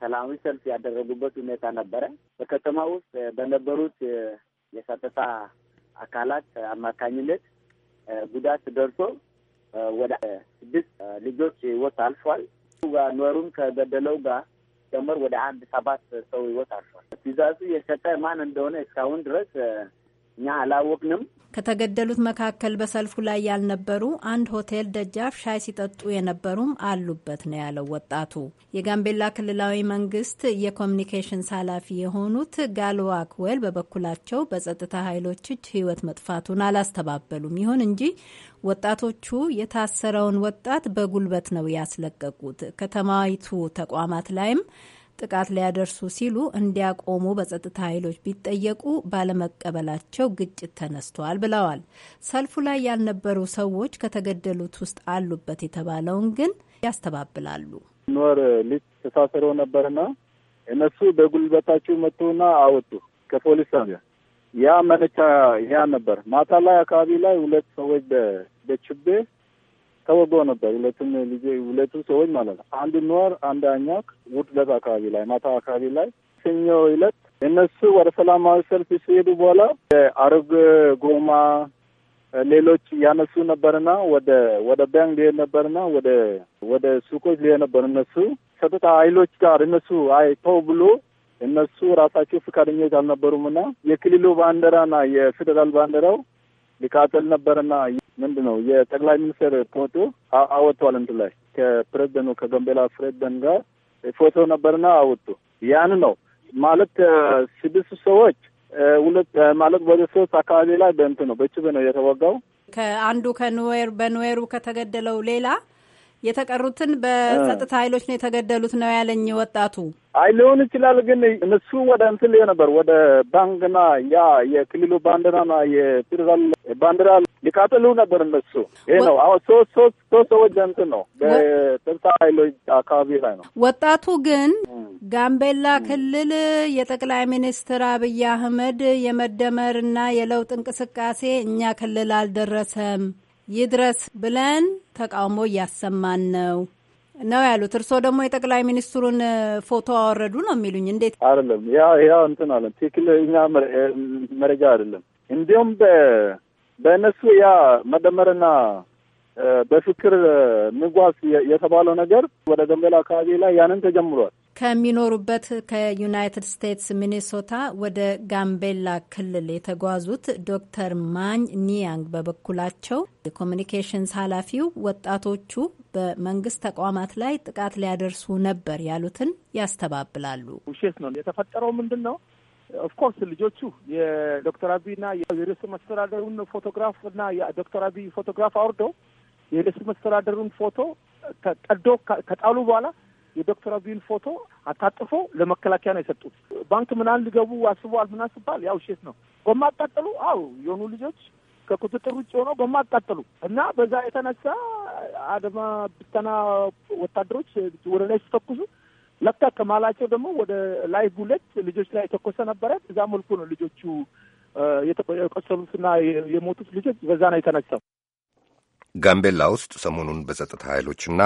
ሰላማዊ ሰልፍ ያደረጉበት ሁኔታ ነበረ። በከተማ ውስጥ በነበሩት የጸጥታ አካላት አማካኝነት ጉዳት ደርሶ ወደ ስድስት ልጆች ህይወት አልፏል። ኗሩን ከገደለው ጋር ሲደመር ወደ አንድ ሰባት ሰው ህይወት አልፏል። ትዕዛዙ የሰጠ ማን እንደሆነ እስካሁን ድረስ እኛ አላወቅንም። ከተገደሉት መካከል በሰልፉ ላይ ያልነበሩ አንድ ሆቴል ደጃፍ ሻይ ሲጠጡ የነበሩም አሉበት ነው ያለው ወጣቱ። የጋምቤላ ክልላዊ መንግስት የኮሚኒኬሽንስ ኃላፊ የሆኑት ጋልዋክዌል በበኩላቸው በጸጥታ ኃይሎች እጅ ህይወት መጥፋቱን አላስተባበሉም። ይሁን እንጂ ወጣቶቹ የታሰረውን ወጣት በጉልበት ነው ያስለቀቁት። ከተማዊቱ ተቋማት ላይም ጥቃት ሊያደርሱ ሲሉ እንዲያቆሙ በጸጥታ ኃይሎች ቢጠየቁ ባለመቀበላቸው ግጭት ተነስተዋል ብለዋል። ሰልፉ ላይ ያልነበሩ ሰዎች ከተገደሉት ውስጥ አሉበት የተባለውን ግን ያስተባብላሉ። ኖር ልጅ ተሳስረው ነበርና እነሱ በጉልበታቸው መጡና አወጡ ከፖሊስ ጣቢያ። ያ መነቻ ያ ነበር። ማታ ላይ አካባቢ ላይ ሁለት ሰዎች በችቤ ተወጎ ነበር። ሁለቱም ልጅ ሁለቱ ሰዎች ማለት ነው። አንድ ኗር አንድ አኛክ ውድ አካባቢ ላይ ማታ አካባቢ ላይ ሰኞ ይለት እነሱ ወደ ሰላማዊ ሰልፍ ሲሄዱ በኋላ አረግ ጎማ ሌሎች ያነሱ ነበርና ወደ ወደ ባንክ ሊሄድ ነበርና ወደ ወደ ሱቆች ሊሄድ ነበር። እነሱ ሰጥታ ኃይሎች ጋር እነሱ አይ ተው ብሎ እነሱ ራሳቸው ፍቃደኞች አልነበሩም እና የክልሉ ባንዲራና የፌዴራል ባንዲራው ሊቃጠል ነበርና ምንድን ነው የጠቅላይ ሚኒስትር ፎቶ አወጥቷል። እንትን ላይ ከፕሬዝደንቱ ከጋምቤላ ፕሬዝደንት ጋር ፎቶ ነበርና አወጡ። ያን ነው ማለት ስድስት ሰዎች ሁለት ማለት ወደ ሶስት አካባቢ ላይ በእንትን ነው በችብ ነው የተወጋው ከአንዱ ከኑዌር በኑዌሩ ከተገደለው ሌላ የተቀሩትን በጸጥታ ኃይሎች ነው የተገደሉት ነው ያለኝ ወጣቱ። አይ ሊሆን ይችላል፣ ግን እነሱ ወደ እንትል ነበር ወደ ባንክና ያ የክልሉ ባንዲራና የፌዴራል ባንዲራ ሊቃጠሉ ነበር እነሱ። ይህ ነው አሁን ሶስት ሶስት ሶስት ሰዎች እንትን ነው በጸጥታ ኃይሎች አካባቢ ላይ ነው። ወጣቱ ግን ጋምቤላ ክልል የጠቅላይ ሚኒስትር አብይ አህመድ የመደመርና የለውጥ እንቅስቃሴ እኛ ክልል አልደረሰም ይድረስ ብለን ተቃውሞ እያሰማን ነው ነው ያሉት። እርስዎ ደግሞ የጠቅላይ ሚኒስትሩን ፎቶ አወረዱ ነው የሚሉኝ? እንዴት አይደለም፣ ያ ያው እንትን አለ ትክክለኛ መረጃ አይደለም። እንዲሁም በእነሱ ያ መደመርና በፍክር ንጓስ የተባለው ነገር ወደ ገንበላ አካባቢ ላይ ያንን ተጀምሯል። ከሚኖሩበት ከዩናይትድ ስቴትስ ሚኒሶታ ወደ ጋምቤላ ክልል የተጓዙት ዶክተር ማኝ ኒያንግ በበኩላቸው የኮሚኒኬሽንስ ኃላፊው ወጣቶቹ በመንግስት ተቋማት ላይ ጥቃት ሊያደርሱ ነበር ያሉትን ያስተባብላሉ። ውሸት ነው። የተፈጠረው ምንድን ነው? ኦፍኮርስ ልጆቹ የዶክተር አብይና የርዕሰ መስተዳደሩን ፎቶግራፍ እና የዶክተር አብይ ፎቶግራፍ አውርደው የርዕሰ መስተዳደሩን ፎቶ ቀዶ ከጣሉ በኋላ የዶክተር አብይን ፎቶ አታጥፎ ለመከላከያ ነው የሰጡት። ባንክ ምናን ሊገቡ አስበዋል ምናምን ሲባል ያው ውሸት ነው። ጎማ አቃጠሉ። አው የሆኑ ልጆች ከቁጥጥር ውጭ ሆነው ጎማ አቃጠሉ እና በዛ የተነሳ አድማ ብተና ወታደሮች ወደ ላይ ሲተኩሱ ለካ ከማላቸው ደግሞ ወደ ላይ ጉለት ልጆች ላይ የተኮሰ ነበረ። እዛ መልኩ ነው ልጆቹ የቆሰሉትና የሞቱት ልጆች በዛ ነው የተነሳው። ጋምቤላ ውስጥ ሰሞኑን በጸጥታ ኃይሎችና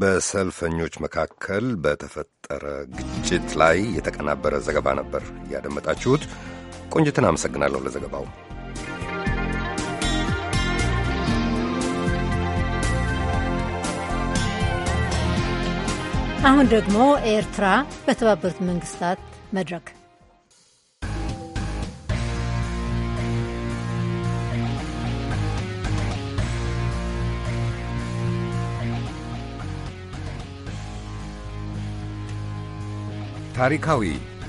በሰልፈኞች መካከል በተፈጠረ ግጭት ላይ የተቀናበረ ዘገባ ነበር እያደመጣችሁት። ቆንጅትን አመሰግናለሁ ለዘገባው። አሁን ደግሞ ኤርትራ በተባበሩት መንግስታት መድረክ ታሪካዊ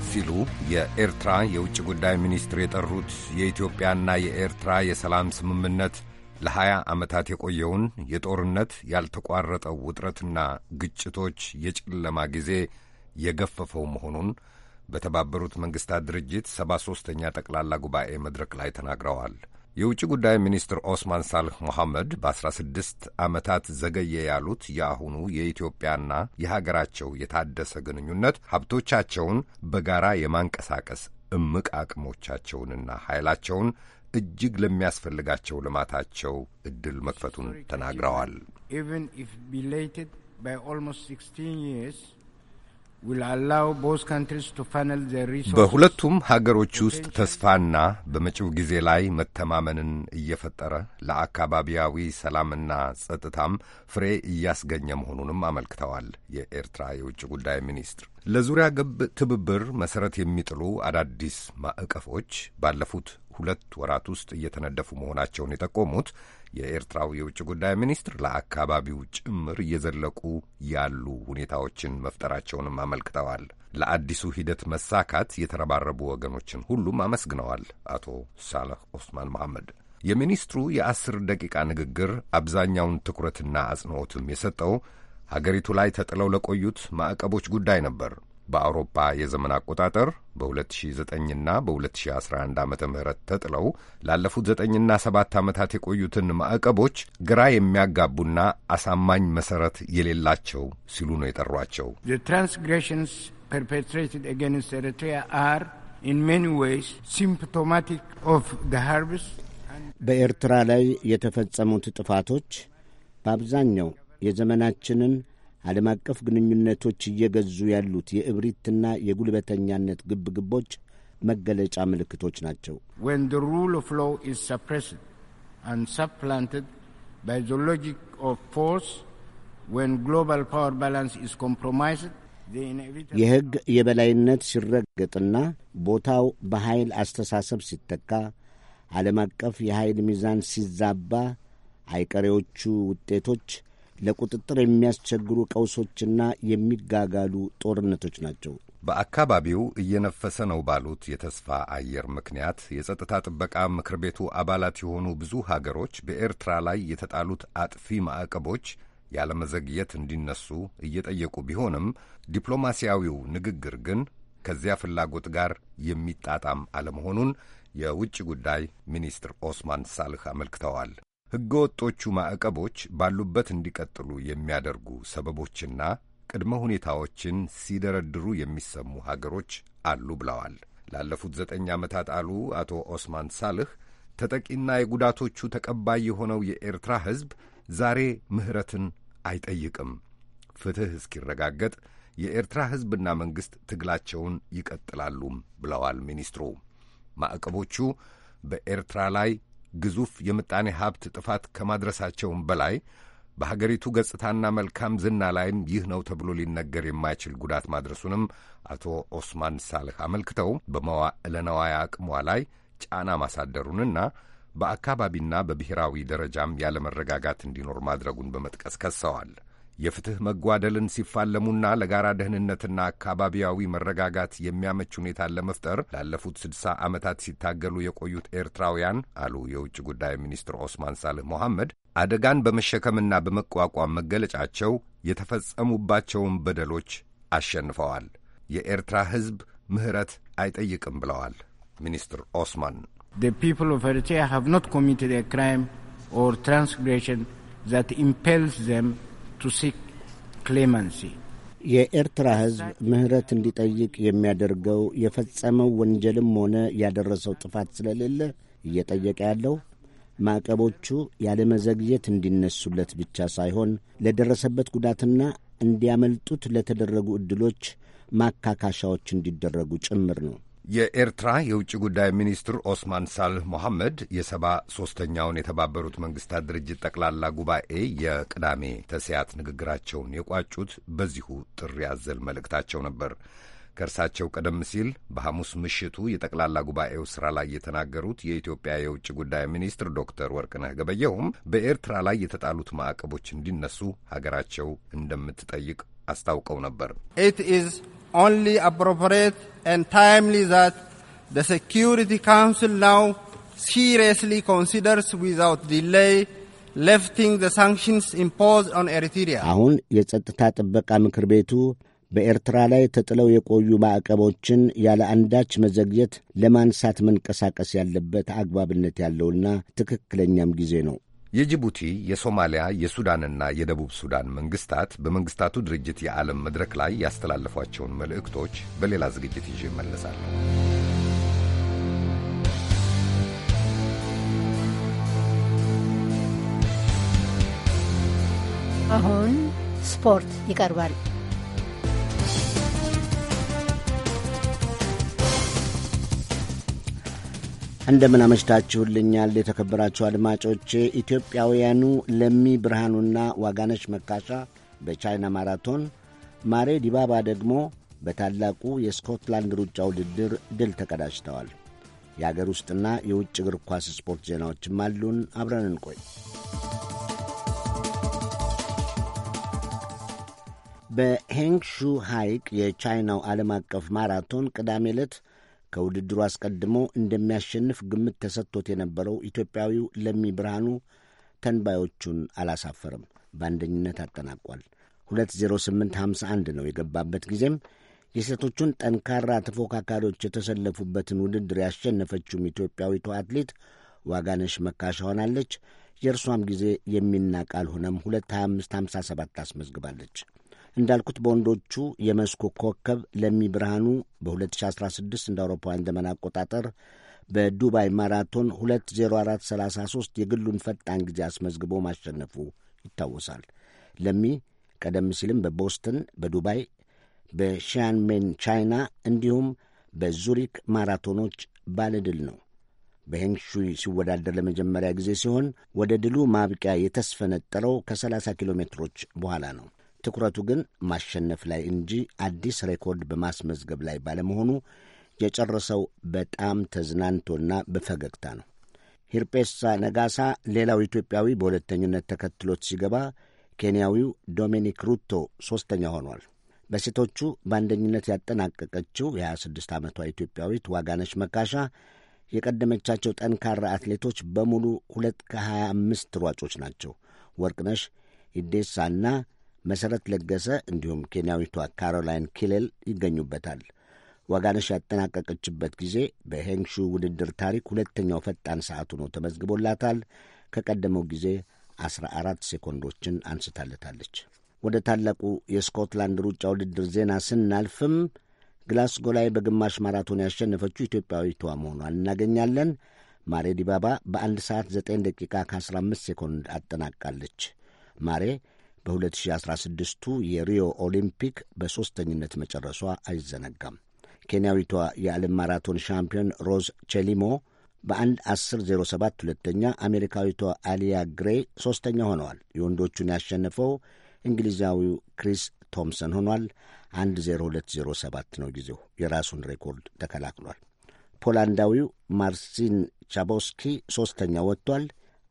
ሲሉ የኤርትራ የውጭ ጉዳይ ሚኒስትር የጠሩት የኢትዮጵያና የኤርትራ የሰላም ስምምነት ለ20 ዓመታት የቆየውን የጦርነት ያልተቋረጠው ውጥረትና ግጭቶች የጨለማ ጊዜ የገፈፈው መሆኑን በተባበሩት መንግሥታት ድርጅት ሰባ ሦስተኛ ጠቅላላ ጉባኤ መድረክ ላይ ተናግረዋል። የውጭ ጉዳይ ሚኒስትር ኦስማን ሳልህ ሞሐመድ በ16 ዓመታት ዘገየ ያሉት የአሁኑ የኢትዮጵያና የሀገራቸው የታደሰ ግንኙነት ሀብቶቻቸውን በጋራ የማንቀሳቀስ እምቅ አቅሞቻቸውንና ኃይላቸውን እጅግ ለሚያስፈልጋቸው ልማታቸው እድል መክፈቱን ተናግረዋል። በሁለቱም ሀገሮች ውስጥ ተስፋና በመጪው ጊዜ ላይ መተማመንን እየፈጠረ ለአካባቢያዊ ሰላምና ጸጥታም ፍሬ እያስገኘ መሆኑንም አመልክተዋል። የኤርትራ የውጭ ጉዳይ ሚኒስትር ለዙሪያ ገብ ትብብር መሠረት የሚጥሉ አዳዲስ ማዕቀፎች ባለፉት ሁለት ወራት ውስጥ እየተነደፉ መሆናቸውን የጠቆሙት የኤርትራው የውጭ ጉዳይ ሚኒስትር ለአካባቢው ጭምር እየዘለቁ ያሉ ሁኔታዎችን መፍጠራቸውንም አመልክተዋል። ለአዲሱ ሂደት መሳካት የተረባረቡ ወገኖችን ሁሉም አመስግነዋል። አቶ ሳለህ ኦስማን መሐመድ የሚኒስትሩ የአስር ደቂቃ ንግግር አብዛኛውን ትኩረትና አጽንኦትም የሰጠው ሀገሪቱ ላይ ተጥለው ለቆዩት ማዕቀቦች ጉዳይ ነበር። በአውሮፓ የዘመን አቆጣጠር በ2009ና በ2011 ዓ ም ተጥለው ላለፉት ዘጠኝና ሰባት ዓመታት የቆዩትን ማዕቀቦች ግራ የሚያጋቡና አሳማኝ መሠረት የሌላቸው ሲሉ ነው የጠሯቸው። ትራንስግሬሽንስ ፐርፔትሬትድ አጋንስት ኤርትሪያ አር ኢን ሜኒ ዌይስ ሲምፕቶማቲክ ኦፍ ዘ ሃርቨስት በኤርትራ ላይ የተፈጸሙት ጥፋቶች በአብዛኛው የዘመናችንን ዓለም አቀፍ ግንኙነቶች እየገዙ ያሉት የእብሪትና የጉልበተኛነት ግብግቦች መገለጫ ምልክቶች ናቸው። የሕግ የበላይነት ሲረገጥና ቦታው በኃይል አስተሳሰብ ሲተካ፣ ዓለም አቀፍ የኃይል ሚዛን ሲዛባ፣ አይቀሬዎቹ ውጤቶች ለቁጥጥር የሚያስቸግሩ ቀውሶችና የሚጋጋሉ ጦርነቶች ናቸው። በአካባቢው እየነፈሰ ነው ባሉት የተስፋ አየር ምክንያት የጸጥታ ጥበቃ ምክር ቤቱ አባላት የሆኑ ብዙ ሀገሮች በኤርትራ ላይ የተጣሉት አጥፊ ማዕቀቦች ያለመዘግየት እንዲነሱ እየጠየቁ ቢሆንም ዲፕሎማሲያዊው ንግግር ግን ከዚያ ፍላጎት ጋር የሚጣጣም አለመሆኑን የውጭ ጉዳይ ሚኒስትር ኦስማን ሳልህ አመልክተዋል። ሕገወጦቹ ማዕቀቦች ባሉበት እንዲቀጥሉ የሚያደርጉ ሰበቦችና ቅድመ ሁኔታዎችን ሲደረድሩ የሚሰሙ ሀገሮች አሉ ብለዋል። ላለፉት ዘጠኝ ዓመታት አሉ አቶ ኦስማን ሳልህ ተጠቂና የጉዳቶቹ ተቀባይ የሆነው የኤርትራ ሕዝብ ዛሬ ምሕረትን አይጠይቅም። ፍትሕ እስኪረጋገጥ የኤርትራ ሕዝብና መንግሥት ትግላቸውን ይቀጥላሉም ብለዋል ሚኒስትሩ። ማዕቀቦቹ በኤርትራ ላይ ግዙፍ የምጣኔ ሀብት ጥፋት ከማድረሳቸውም በላይ በሀገሪቱ ገጽታና መልካም ዝና ላይም ይህ ነው ተብሎ ሊነገር የማይችል ጉዳት ማድረሱንም አቶ ኦስማን ሳልህ አመልክተው በመዋዕለ ነዋይ አቅሟ ላይ ጫና ማሳደሩንና በአካባቢና በብሔራዊ ደረጃም ያለመረጋጋት እንዲኖር ማድረጉን በመጥቀስ ከሰዋል። የፍትሕ መጓደልን ሲፋለሙና ለጋራ ደህንነትና አካባቢያዊ መረጋጋት የሚያመች ሁኔታን ለመፍጠር ላለፉት ስድሳ ዓመታት ሲታገሉ የቆዩት ኤርትራውያን አሉ የውጭ ጉዳይ ሚኒስትር ኦስማን ሳልህ ሞሐመድ አደጋን በመሸከምና በመቋቋም መገለጫቸው የተፈጸሙባቸውን በደሎች አሸንፈዋል። የኤርትራ ሕዝብ ምሕረት አይጠይቅም ብለዋል ሚኒስትር ኦስማን። The people of Eritrea have not committed a የኤርትራ ሕዝብ ምህረት እንዲጠይቅ የሚያደርገው የፈጸመው ወንጀልም ሆነ ያደረሰው ጥፋት ስለሌለ እየጠየቀ ያለው ማዕቀቦቹ ያለመዘግየት እንዲነሱለት ብቻ ሳይሆን ለደረሰበት ጉዳትና እንዲያመልጡት ለተደረጉ ዕድሎች ማካካሻዎች እንዲደረጉ ጭምር ነው። የኤርትራ የውጭ ጉዳይ ሚኒስትር ኦስማን ሳልህ ሞሐመድ የሰባ ሶስተኛውን የተባበሩት መንግስታት ድርጅት ጠቅላላ ጉባኤ የቅዳሜ ተስያት ንግግራቸውን የቋጩት በዚሁ ጥሪ አዘል መልእክታቸው ነበር። ከእርሳቸው ቀደም ሲል በሐሙስ ምሽቱ የጠቅላላ ጉባኤው ስራ ላይ የተናገሩት የኢትዮጵያ የውጭ ጉዳይ ሚኒስትር ዶክተር ወርቅነህ ገበየሁም በኤርትራ ላይ የተጣሉት ማዕቀቦች እንዲነሱ ሀገራቸው እንደምትጠይቅ አስታውቀው ነበር። ኢት ኢዝ only appropriate and timely that the Security Council now seriously considers without delay lifting the sanctions imposed on Eritrea. አሁን የጸጥታ ጥበቃ ምክር ቤቱ በኤርትራ ላይ ተጥለው የቆዩ ማዕቀቦችን ያለ አንዳች መዘግየት ለማንሳት መንቀሳቀስ ያለበት አግባብነት ያለውና ትክክለኛም ጊዜ ነው። የጅቡቲ የሶማሊያ የሱዳንና የደቡብ ሱዳን መንግስታት በመንግስታቱ ድርጅት የዓለም መድረክ ላይ ያስተላለፏቸውን መልእክቶች በሌላ ዝግጅት ይዤ ይመለሳል። አሁን ስፖርት ይቀርባል። እንደምን አመሽታችሁልኛል የተከበራችሁ አድማጮቼ። ኢትዮጵያውያኑ ለሚ ብርሃኑና ዋጋነሽ መካሻ በቻይና ማራቶን፣ ማሬ ዲባባ ደግሞ በታላቁ የስኮትላንድ ሩጫ ውድድር ድል ተቀዳጅተዋል። የአገር ውስጥና የውጭ እግር ኳስ ስፖርት ዜናዎችም አሉን። አብረን እንቆይ። በሄንግሹ ሐይቅ የቻይናው ዓለም አቀፍ ማራቶን ቅዳሜ ዕለት ከውድድሩ አስቀድሞ እንደሚያሸንፍ ግምት ተሰጥቶት የነበረው ኢትዮጵያዊው ለሚ ብርሃኑ ተንባዮቹን አላሳፈርም፣ በአንደኝነት አጠናቋል። 20851 ነው የገባበት ጊዜም። የሴቶቹን ጠንካራ ተፎካካሪዎች የተሰለፉበትን ውድድር ያሸነፈችውም ኢትዮጵያዊቱ አትሌት ዋጋነሽ መካሻ ሆናለች። የእርሷም ጊዜ የሚናቅ አልሆነም። 22557 አስመዝግባለች። እንዳልኩት በወንዶቹ የመስኩ ኮከብ ለሚ ብርሃኑ በ2016 እንደ አውሮፓውያን ዘመን አቆጣጠር በዱባይ ማራቶን 20433 የግሉን ፈጣን ጊዜ አስመዝግቦ ማሸነፉ ይታወሳል። ለሚ ቀደም ሲልም በቦስተን፣ በዱባይ፣ በሺያንሜን ቻይና እንዲሁም በዙሪክ ማራቶኖች ባለድል ነው። በሄንግሹይ ሲወዳደር ለመጀመሪያ ጊዜ ሲሆን ወደ ድሉ ማብቂያ የተስፈነጠረው ከ30 ኪሎ ሜትሮች በኋላ ነው። ትኩረቱ ግን ማሸነፍ ላይ እንጂ አዲስ ሬኮርድ በማስመዝገብ ላይ ባለመሆኑ የጨረሰው በጣም ተዝናንቶና በፈገግታ ነው። ሂርጴሳ ነጋሳ ሌላው ኢትዮጵያዊ በሁለተኝነት ተከትሎት ሲገባ ኬንያዊው ዶሚኒክ ሩቶ ሦስተኛ ሆኗል። በሴቶቹ በአንደኝነት ያጠናቀቀችው የ26 ዓመቷ ኢትዮጵያዊት ዋጋነች መካሻ የቀደመቻቸው ጠንካራ አትሌቶች በሙሉ ሁለት ከ25 ሯጮች ናቸው። ወርቅነሽ ኢዴሳና መሰረት ለገሰ እንዲሁም ኬንያዊቷ ካሮላይን ኪሌል ይገኙበታል። ዋጋነሽ ያጠናቀቀችበት ጊዜ በሄንግሹ ውድድር ታሪክ ሁለተኛው ፈጣን ሰዓት ሆኖ ተመዝግቦላታል። ከቀደመው ጊዜ 14 ሴኮንዶችን አንስታለታለች። ወደ ታላቁ የስኮትላንድ ሩጫ ውድድር ዜና ስናልፍም ግላስጎ ላይ በግማሽ ማራቶን ያሸነፈችው ኢትዮጵያዊቷ መሆኗን እናገኛለን። ማሬ ዲባባ በአንድ ሰዓት 9 ደቂቃ ከ15 ሴኮንድ አጠናቃለች። ማሬ በ2016ቱ የሪዮ ኦሊምፒክ በሦስተኝነት መጨረሷ አይዘነጋም። ኬንያዊቷ የዓለም ማራቶን ሻምፒዮን ሮዝ ቼሊሞ በአንድ 10:07 ሁለተኛ፣ አሜሪካዊቷ አሊያ ግሬ ሦስተኛ ሆነዋል። የወንዶቹን ያሸነፈው እንግሊዛዊው ክሪስ ቶምሰን ሆኗል። 1:02:07 ነው ጊዜው። የራሱን ሬኮርድ ተከላክሏል። ፖላንዳዊው ማርሲን ቻቦስኪ ሦስተኛ ወጥቷል።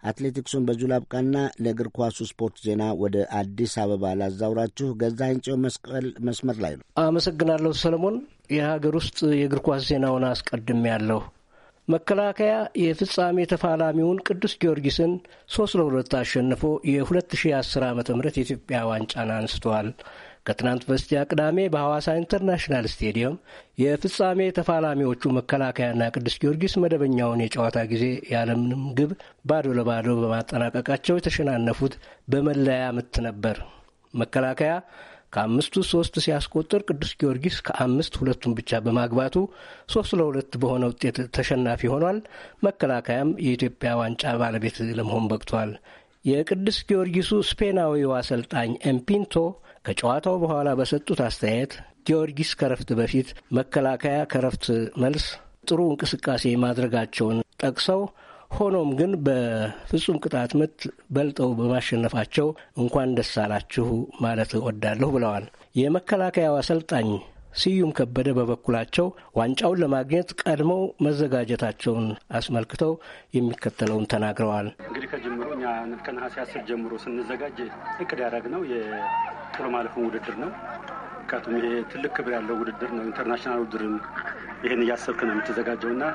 አትሌቲክሱን በዚሁ ላብቃና ለእግር ኳሱ ስፖርት ዜና ወደ አዲስ አበባ ላዛውራችሁ። ገዛ ጽዮን መስቀል መስመር ላይ ነው። አመሰግናለሁ ሰለሞን። የሀገር ውስጥ የእግር ኳስ ዜናውን አስቀድሜ ያለሁ መከላከያ የፍጻሜ ተፋላሚውን ቅዱስ ጊዮርጊስን ሶስት ለሁለት አሸንፎ የ2010 ዓ ም የኢትዮጵያ ዋንጫን አንስተዋል። ከትናንት በስቲያ ቅዳሜ በሐዋሳ ኢንተርናሽናል ስቴዲየም የፍጻሜ ተፋላሚዎቹ መከላከያና ቅዱስ ጊዮርጊስ መደበኛውን የጨዋታ ጊዜ ያለምንም ግብ ባዶ ለባዶ በማጠናቀቃቸው የተሸናነፉት በመለያ ምት ነበር። መከላከያ ከአምስቱ ሶስት ሲያስቆጥር ቅዱስ ጊዮርጊስ ከአምስት ሁለቱን ብቻ በማግባቱ ሶስት ለሁለት በሆነ ውጤት ተሸናፊ ሆኗል። መከላከያም የኢትዮጵያ ዋንጫ ባለቤት ለመሆን በቅቷል። የቅዱስ ጊዮርጊሱ ስፔናዊው አሰልጣኝ ኤምፒንቶ ከጨዋታው በኋላ በሰጡት አስተያየት ጊዮርጊስ ከረፍት በፊት መከላከያ ከረፍት መልስ ጥሩ እንቅስቃሴ ማድረጋቸውን ጠቅሰው ሆኖም ግን በፍጹም ቅጣት ምት በልጠው በማሸነፋቸው እንኳን ደስ አላችሁ ማለት እወዳለሁ ብለዋል። የመከላከያው አሰልጣኝ ስዩም ከበደ በበኩላቸው ዋንጫውን ለማግኘት ቀድመው መዘጋጀታቸውን አስመልክተው የሚከተለውን ተናግረዋል። እንግዲህ ከጀምሮ እኛ ከነሐሴ አስር ጀምሮ ስንዘጋጅ እቅድ ያደረግነው የጥሎ ማለፉን ውድድር ነው። ምክንያቱም ይሄ ትልቅ ክብር ያለው ውድድር ነው። ኢንተርናሽናል ውድድር ይህን እያሰብክ ነው የምትዘጋጀው እና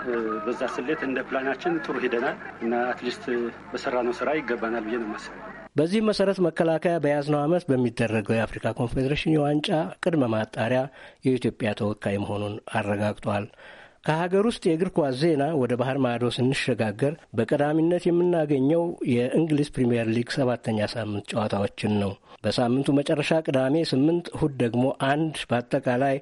በዛ ስሌት እንደ ፕላናችን ጥሩ ሂደናል እና አትሊስት በሰራነው ስራ ይገባናል ብዬ ነው የማስበው። በዚህ መሰረት መከላከያ በያዝነው ዓመት በሚደረገው የአፍሪካ ኮንፌዴሬሽን የዋንጫ ቅድመ ማጣሪያ የኢትዮጵያ ተወካይ መሆኑን አረጋግጧል። ከሀገር ውስጥ የእግር ኳስ ዜና ወደ ባህር ማዶ ስንሸጋገር በቀዳሚነት የምናገኘው የእንግሊዝ ፕሪምየር ሊግ ሰባተኛ ሳምንት ጨዋታዎችን ነው። በሳምንቱ መጨረሻ ቅዳሜ ስምንት፣ እሁድ ደግሞ አንድ፣ በአጠቃላይ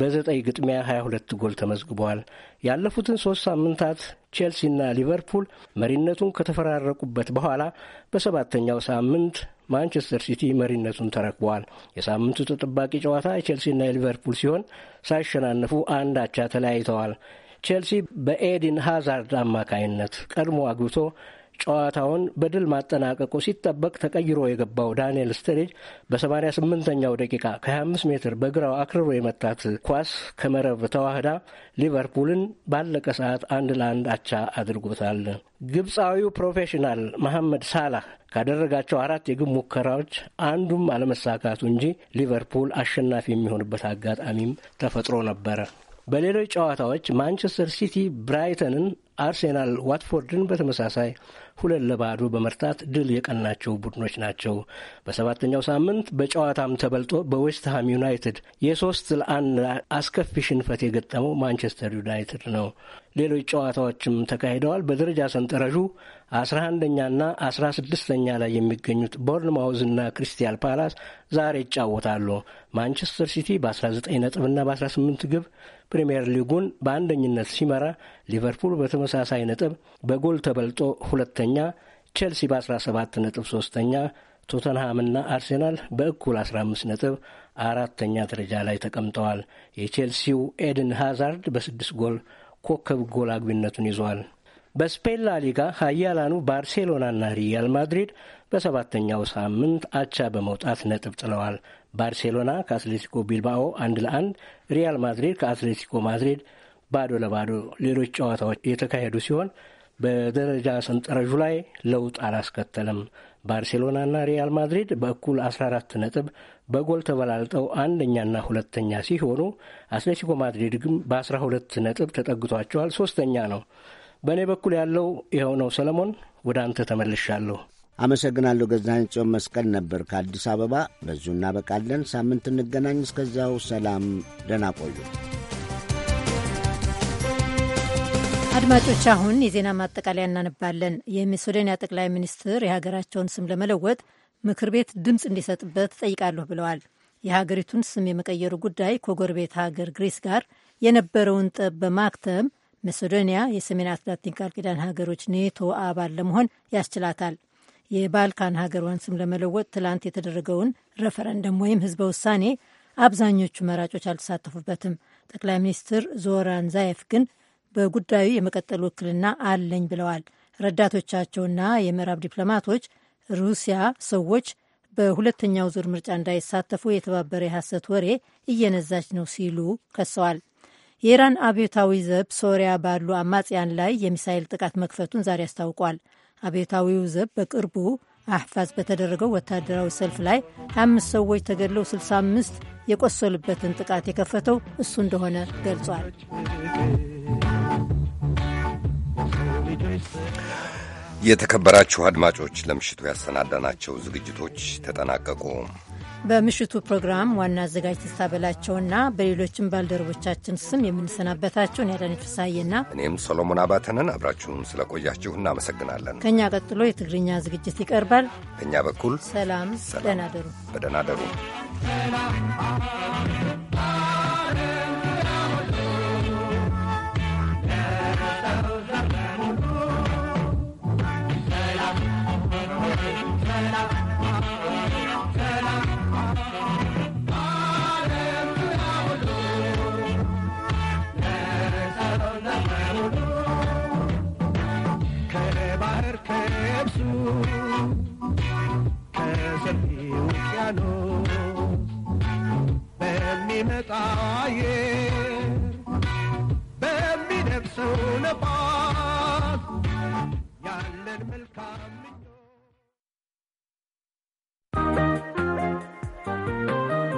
በዘጠኝ ግጥሚያ ሀያ ሁለት ጎል ተመዝግቧል። ያለፉትን ሶስት ሳምንታት ቼልሲና ሊቨርፑል መሪነቱን ከተፈራረቁበት በኋላ በሰባተኛው ሳምንት ማንቸስተር ሲቲ መሪነቱን ተረክበዋል። የሳምንቱ ተጠባቂ ጨዋታ የቼልሲና የሊቨርፑል ሲሆን ሳይሸናነፉ አንድ አቻ ተለያይተዋል። ቼልሲ በኤዲን ሃዛርድ አማካይነት ቀድሞ አግብቶ ጨዋታውን በድል ማጠናቀቁ ሲጠበቅ ተቀይሮ የገባው ዳንኤል ስተሬጅ በ88ኛው ደቂቃ ከ25 ሜትር በግራው አክርሮ የመታት ኳስ ከመረብ ተዋህዳ ሊቨርፑልን ባለቀ ሰዓት አንድ ለአንድ አቻ አድርጎታል። ግብፃዊው ፕሮፌሽናል መሐመድ ሳላህ ካደረጋቸው አራት የግብ ሙከራዎች አንዱም አለመሳካቱ እንጂ ሊቨርፑል አሸናፊ የሚሆንበት አጋጣሚም ተፈጥሮ ነበረ። በሌሎች ጨዋታዎች ማንቸስተር ሲቲ ብራይተንን፣ አርሴናል ዋትፎርድን በተመሳሳይ ሁለት ለባዶ በመርታት ድል የቀናቸው ቡድኖች ናቸው። በሰባተኛው ሳምንት በጨዋታም ተበልጦ በዌስትሃም ዩናይትድ የሶስት ለአንድ አስከፊ ሽንፈት የገጠመው ማንቸስተር ዩናይትድ ነው። ሌሎች ጨዋታዎችም ተካሂደዋል። በደረጃ ሰንጠረዡ አስራ አንደኛና አስራ ስድስተኛ ላይ የሚገኙት ቦርንማውዝና ክሪስታል ፓላስ ዛሬ ይጫወታሉ። ማንቸስተር ሲቲ በአስራ ዘጠኝ ነጥብና በአስራ ስምንት ግብ ፕሪምየር ሊጉን በአንደኝነት ሲመራ ሊቨርፑል በተመሳሳይ ነጥብ በጎል ተበልጦ ሁለተኛ፣ ቼልሲ በ17 ነጥብ ሶስተኛ፣ ቶተንሃምና አርሴናል በእኩል 15 ነጥብ አራተኛ ደረጃ ላይ ተቀምጠዋል። የቼልሲው ኤድን ሃዛርድ በስድስት ጎል ኮከብ ጎል አግቢነቱን ይዟል። በስፔን ላሊጋ ሀያላኑ ባርሴሎናና ሪያል ማድሪድ በሰባተኛው ሳምንት አቻ በመውጣት ነጥብ ጥለዋል። ባርሴሎና ከአትሌቲኮ ቢልባኦ አንድ ለአንድ፣ ሪያል ማድሪድ ከአትሌቲኮ ማድሪድ ባዶ ለባዶ ሌሎች ጨዋታዎች የተካሄዱ ሲሆን በደረጃ ሰንጠረዡ ላይ ለውጥ አላስከተለም። ባርሴሎናና ሪያል ማድሪድ በእኩል 14 ነጥብ በጎል ተበላልጠው አንደኛና ሁለተኛ ሲሆኑ አትሌቲኮ ማድሪድ ግን በ12 ነጥብ ተጠግቷቸዋል፣ ሶስተኛ ነው። በእኔ በኩል ያለው ይኸው ነው። ሰለሞን፣ ወደ አንተ ተመልሻለሁ። አመሰግናለሁ። ገዛን ጽዮን መስቀል ነበር ከአዲስ አበባ። በዚሁ እናበቃለን። ሳምንት እንገናኝ። እስከዚያው ሰላም፣ ደህና ቆዩ። አድማጮች፣ አሁን የዜና ማጠቃለያ እናነባለን። የሜሶዶኒያ ጠቅላይ ሚኒስትር የሀገራቸውን ስም ለመለወጥ ምክር ቤት ድምፅ እንዲሰጥበት ጠይቃለሁ ብለዋል። የሀገሪቱን ስም የመቀየሩ ጉዳይ ከጎረቤት ሀገር ግሪስ ጋር የነበረውን ጠብ በማክተም መሴዶኒያ የሰሜን አትላንቲክ ቃል ኪዳን ሀገሮች ኔቶ አባል ለመሆን ያስችላታል። የባልካን ሀገሯን ስም ለመለወጥ ትላንት የተደረገውን ረፈረንደም ወይም ህዝበ ውሳኔ አብዛኞቹ መራጮች አልተሳተፉበትም። ጠቅላይ ሚኒስትር ዞራን ዛየፍ ግን በጉዳዩ የመቀጠል ውክልና አለኝ ብለዋል። ረዳቶቻቸውና የምዕራብ ዲፕሎማቶች ሩሲያ ሰዎች በሁለተኛው ዙር ምርጫ እንዳይሳተፉ የተባበረ የሐሰት ወሬ እየነዛች ነው ሲሉ ከሰዋል። የኢራን አብዮታዊ ዘብ ሶሪያ ባሉ አማጽያን ላይ የሚሳይል ጥቃት መክፈቱን ዛሬ አስታውቋል። አቤታዊው ዘብ በቅርቡ አሕፋዝ በተደረገው ወታደራዊ ሰልፍ ላይ 25 ሰዎች ተገድለው 65 የቆሰሉበትን ጥቃት የከፈተው እሱ እንደሆነ ገልጿል። የተከበራችሁ አድማጮች ለምሽቱ ያሰናዳናቸው ዝግጅቶች ተጠናቀቁ። በምሽቱ ፕሮግራም ዋና አዘጋጅ ተስታ በላቸውና በሌሎችም ባልደረቦቻችን ስም የምንሰናበታቸውን ያዳነች ፍሳዬና እኔም ሰሎሞን አባተንን አብራችሁን ስለቆያችሁ እናመሰግናለን። ከእኛ ቀጥሎ የትግርኛ ዝግጅት ይቀርባል። በእኛ በኩል ሰላም፣ ደህና ደሩ፣ በደህና ደሩ። ውቅያኖስ በሚመጣው አየር በሚደርሰው ነፋስ ያለን መልካም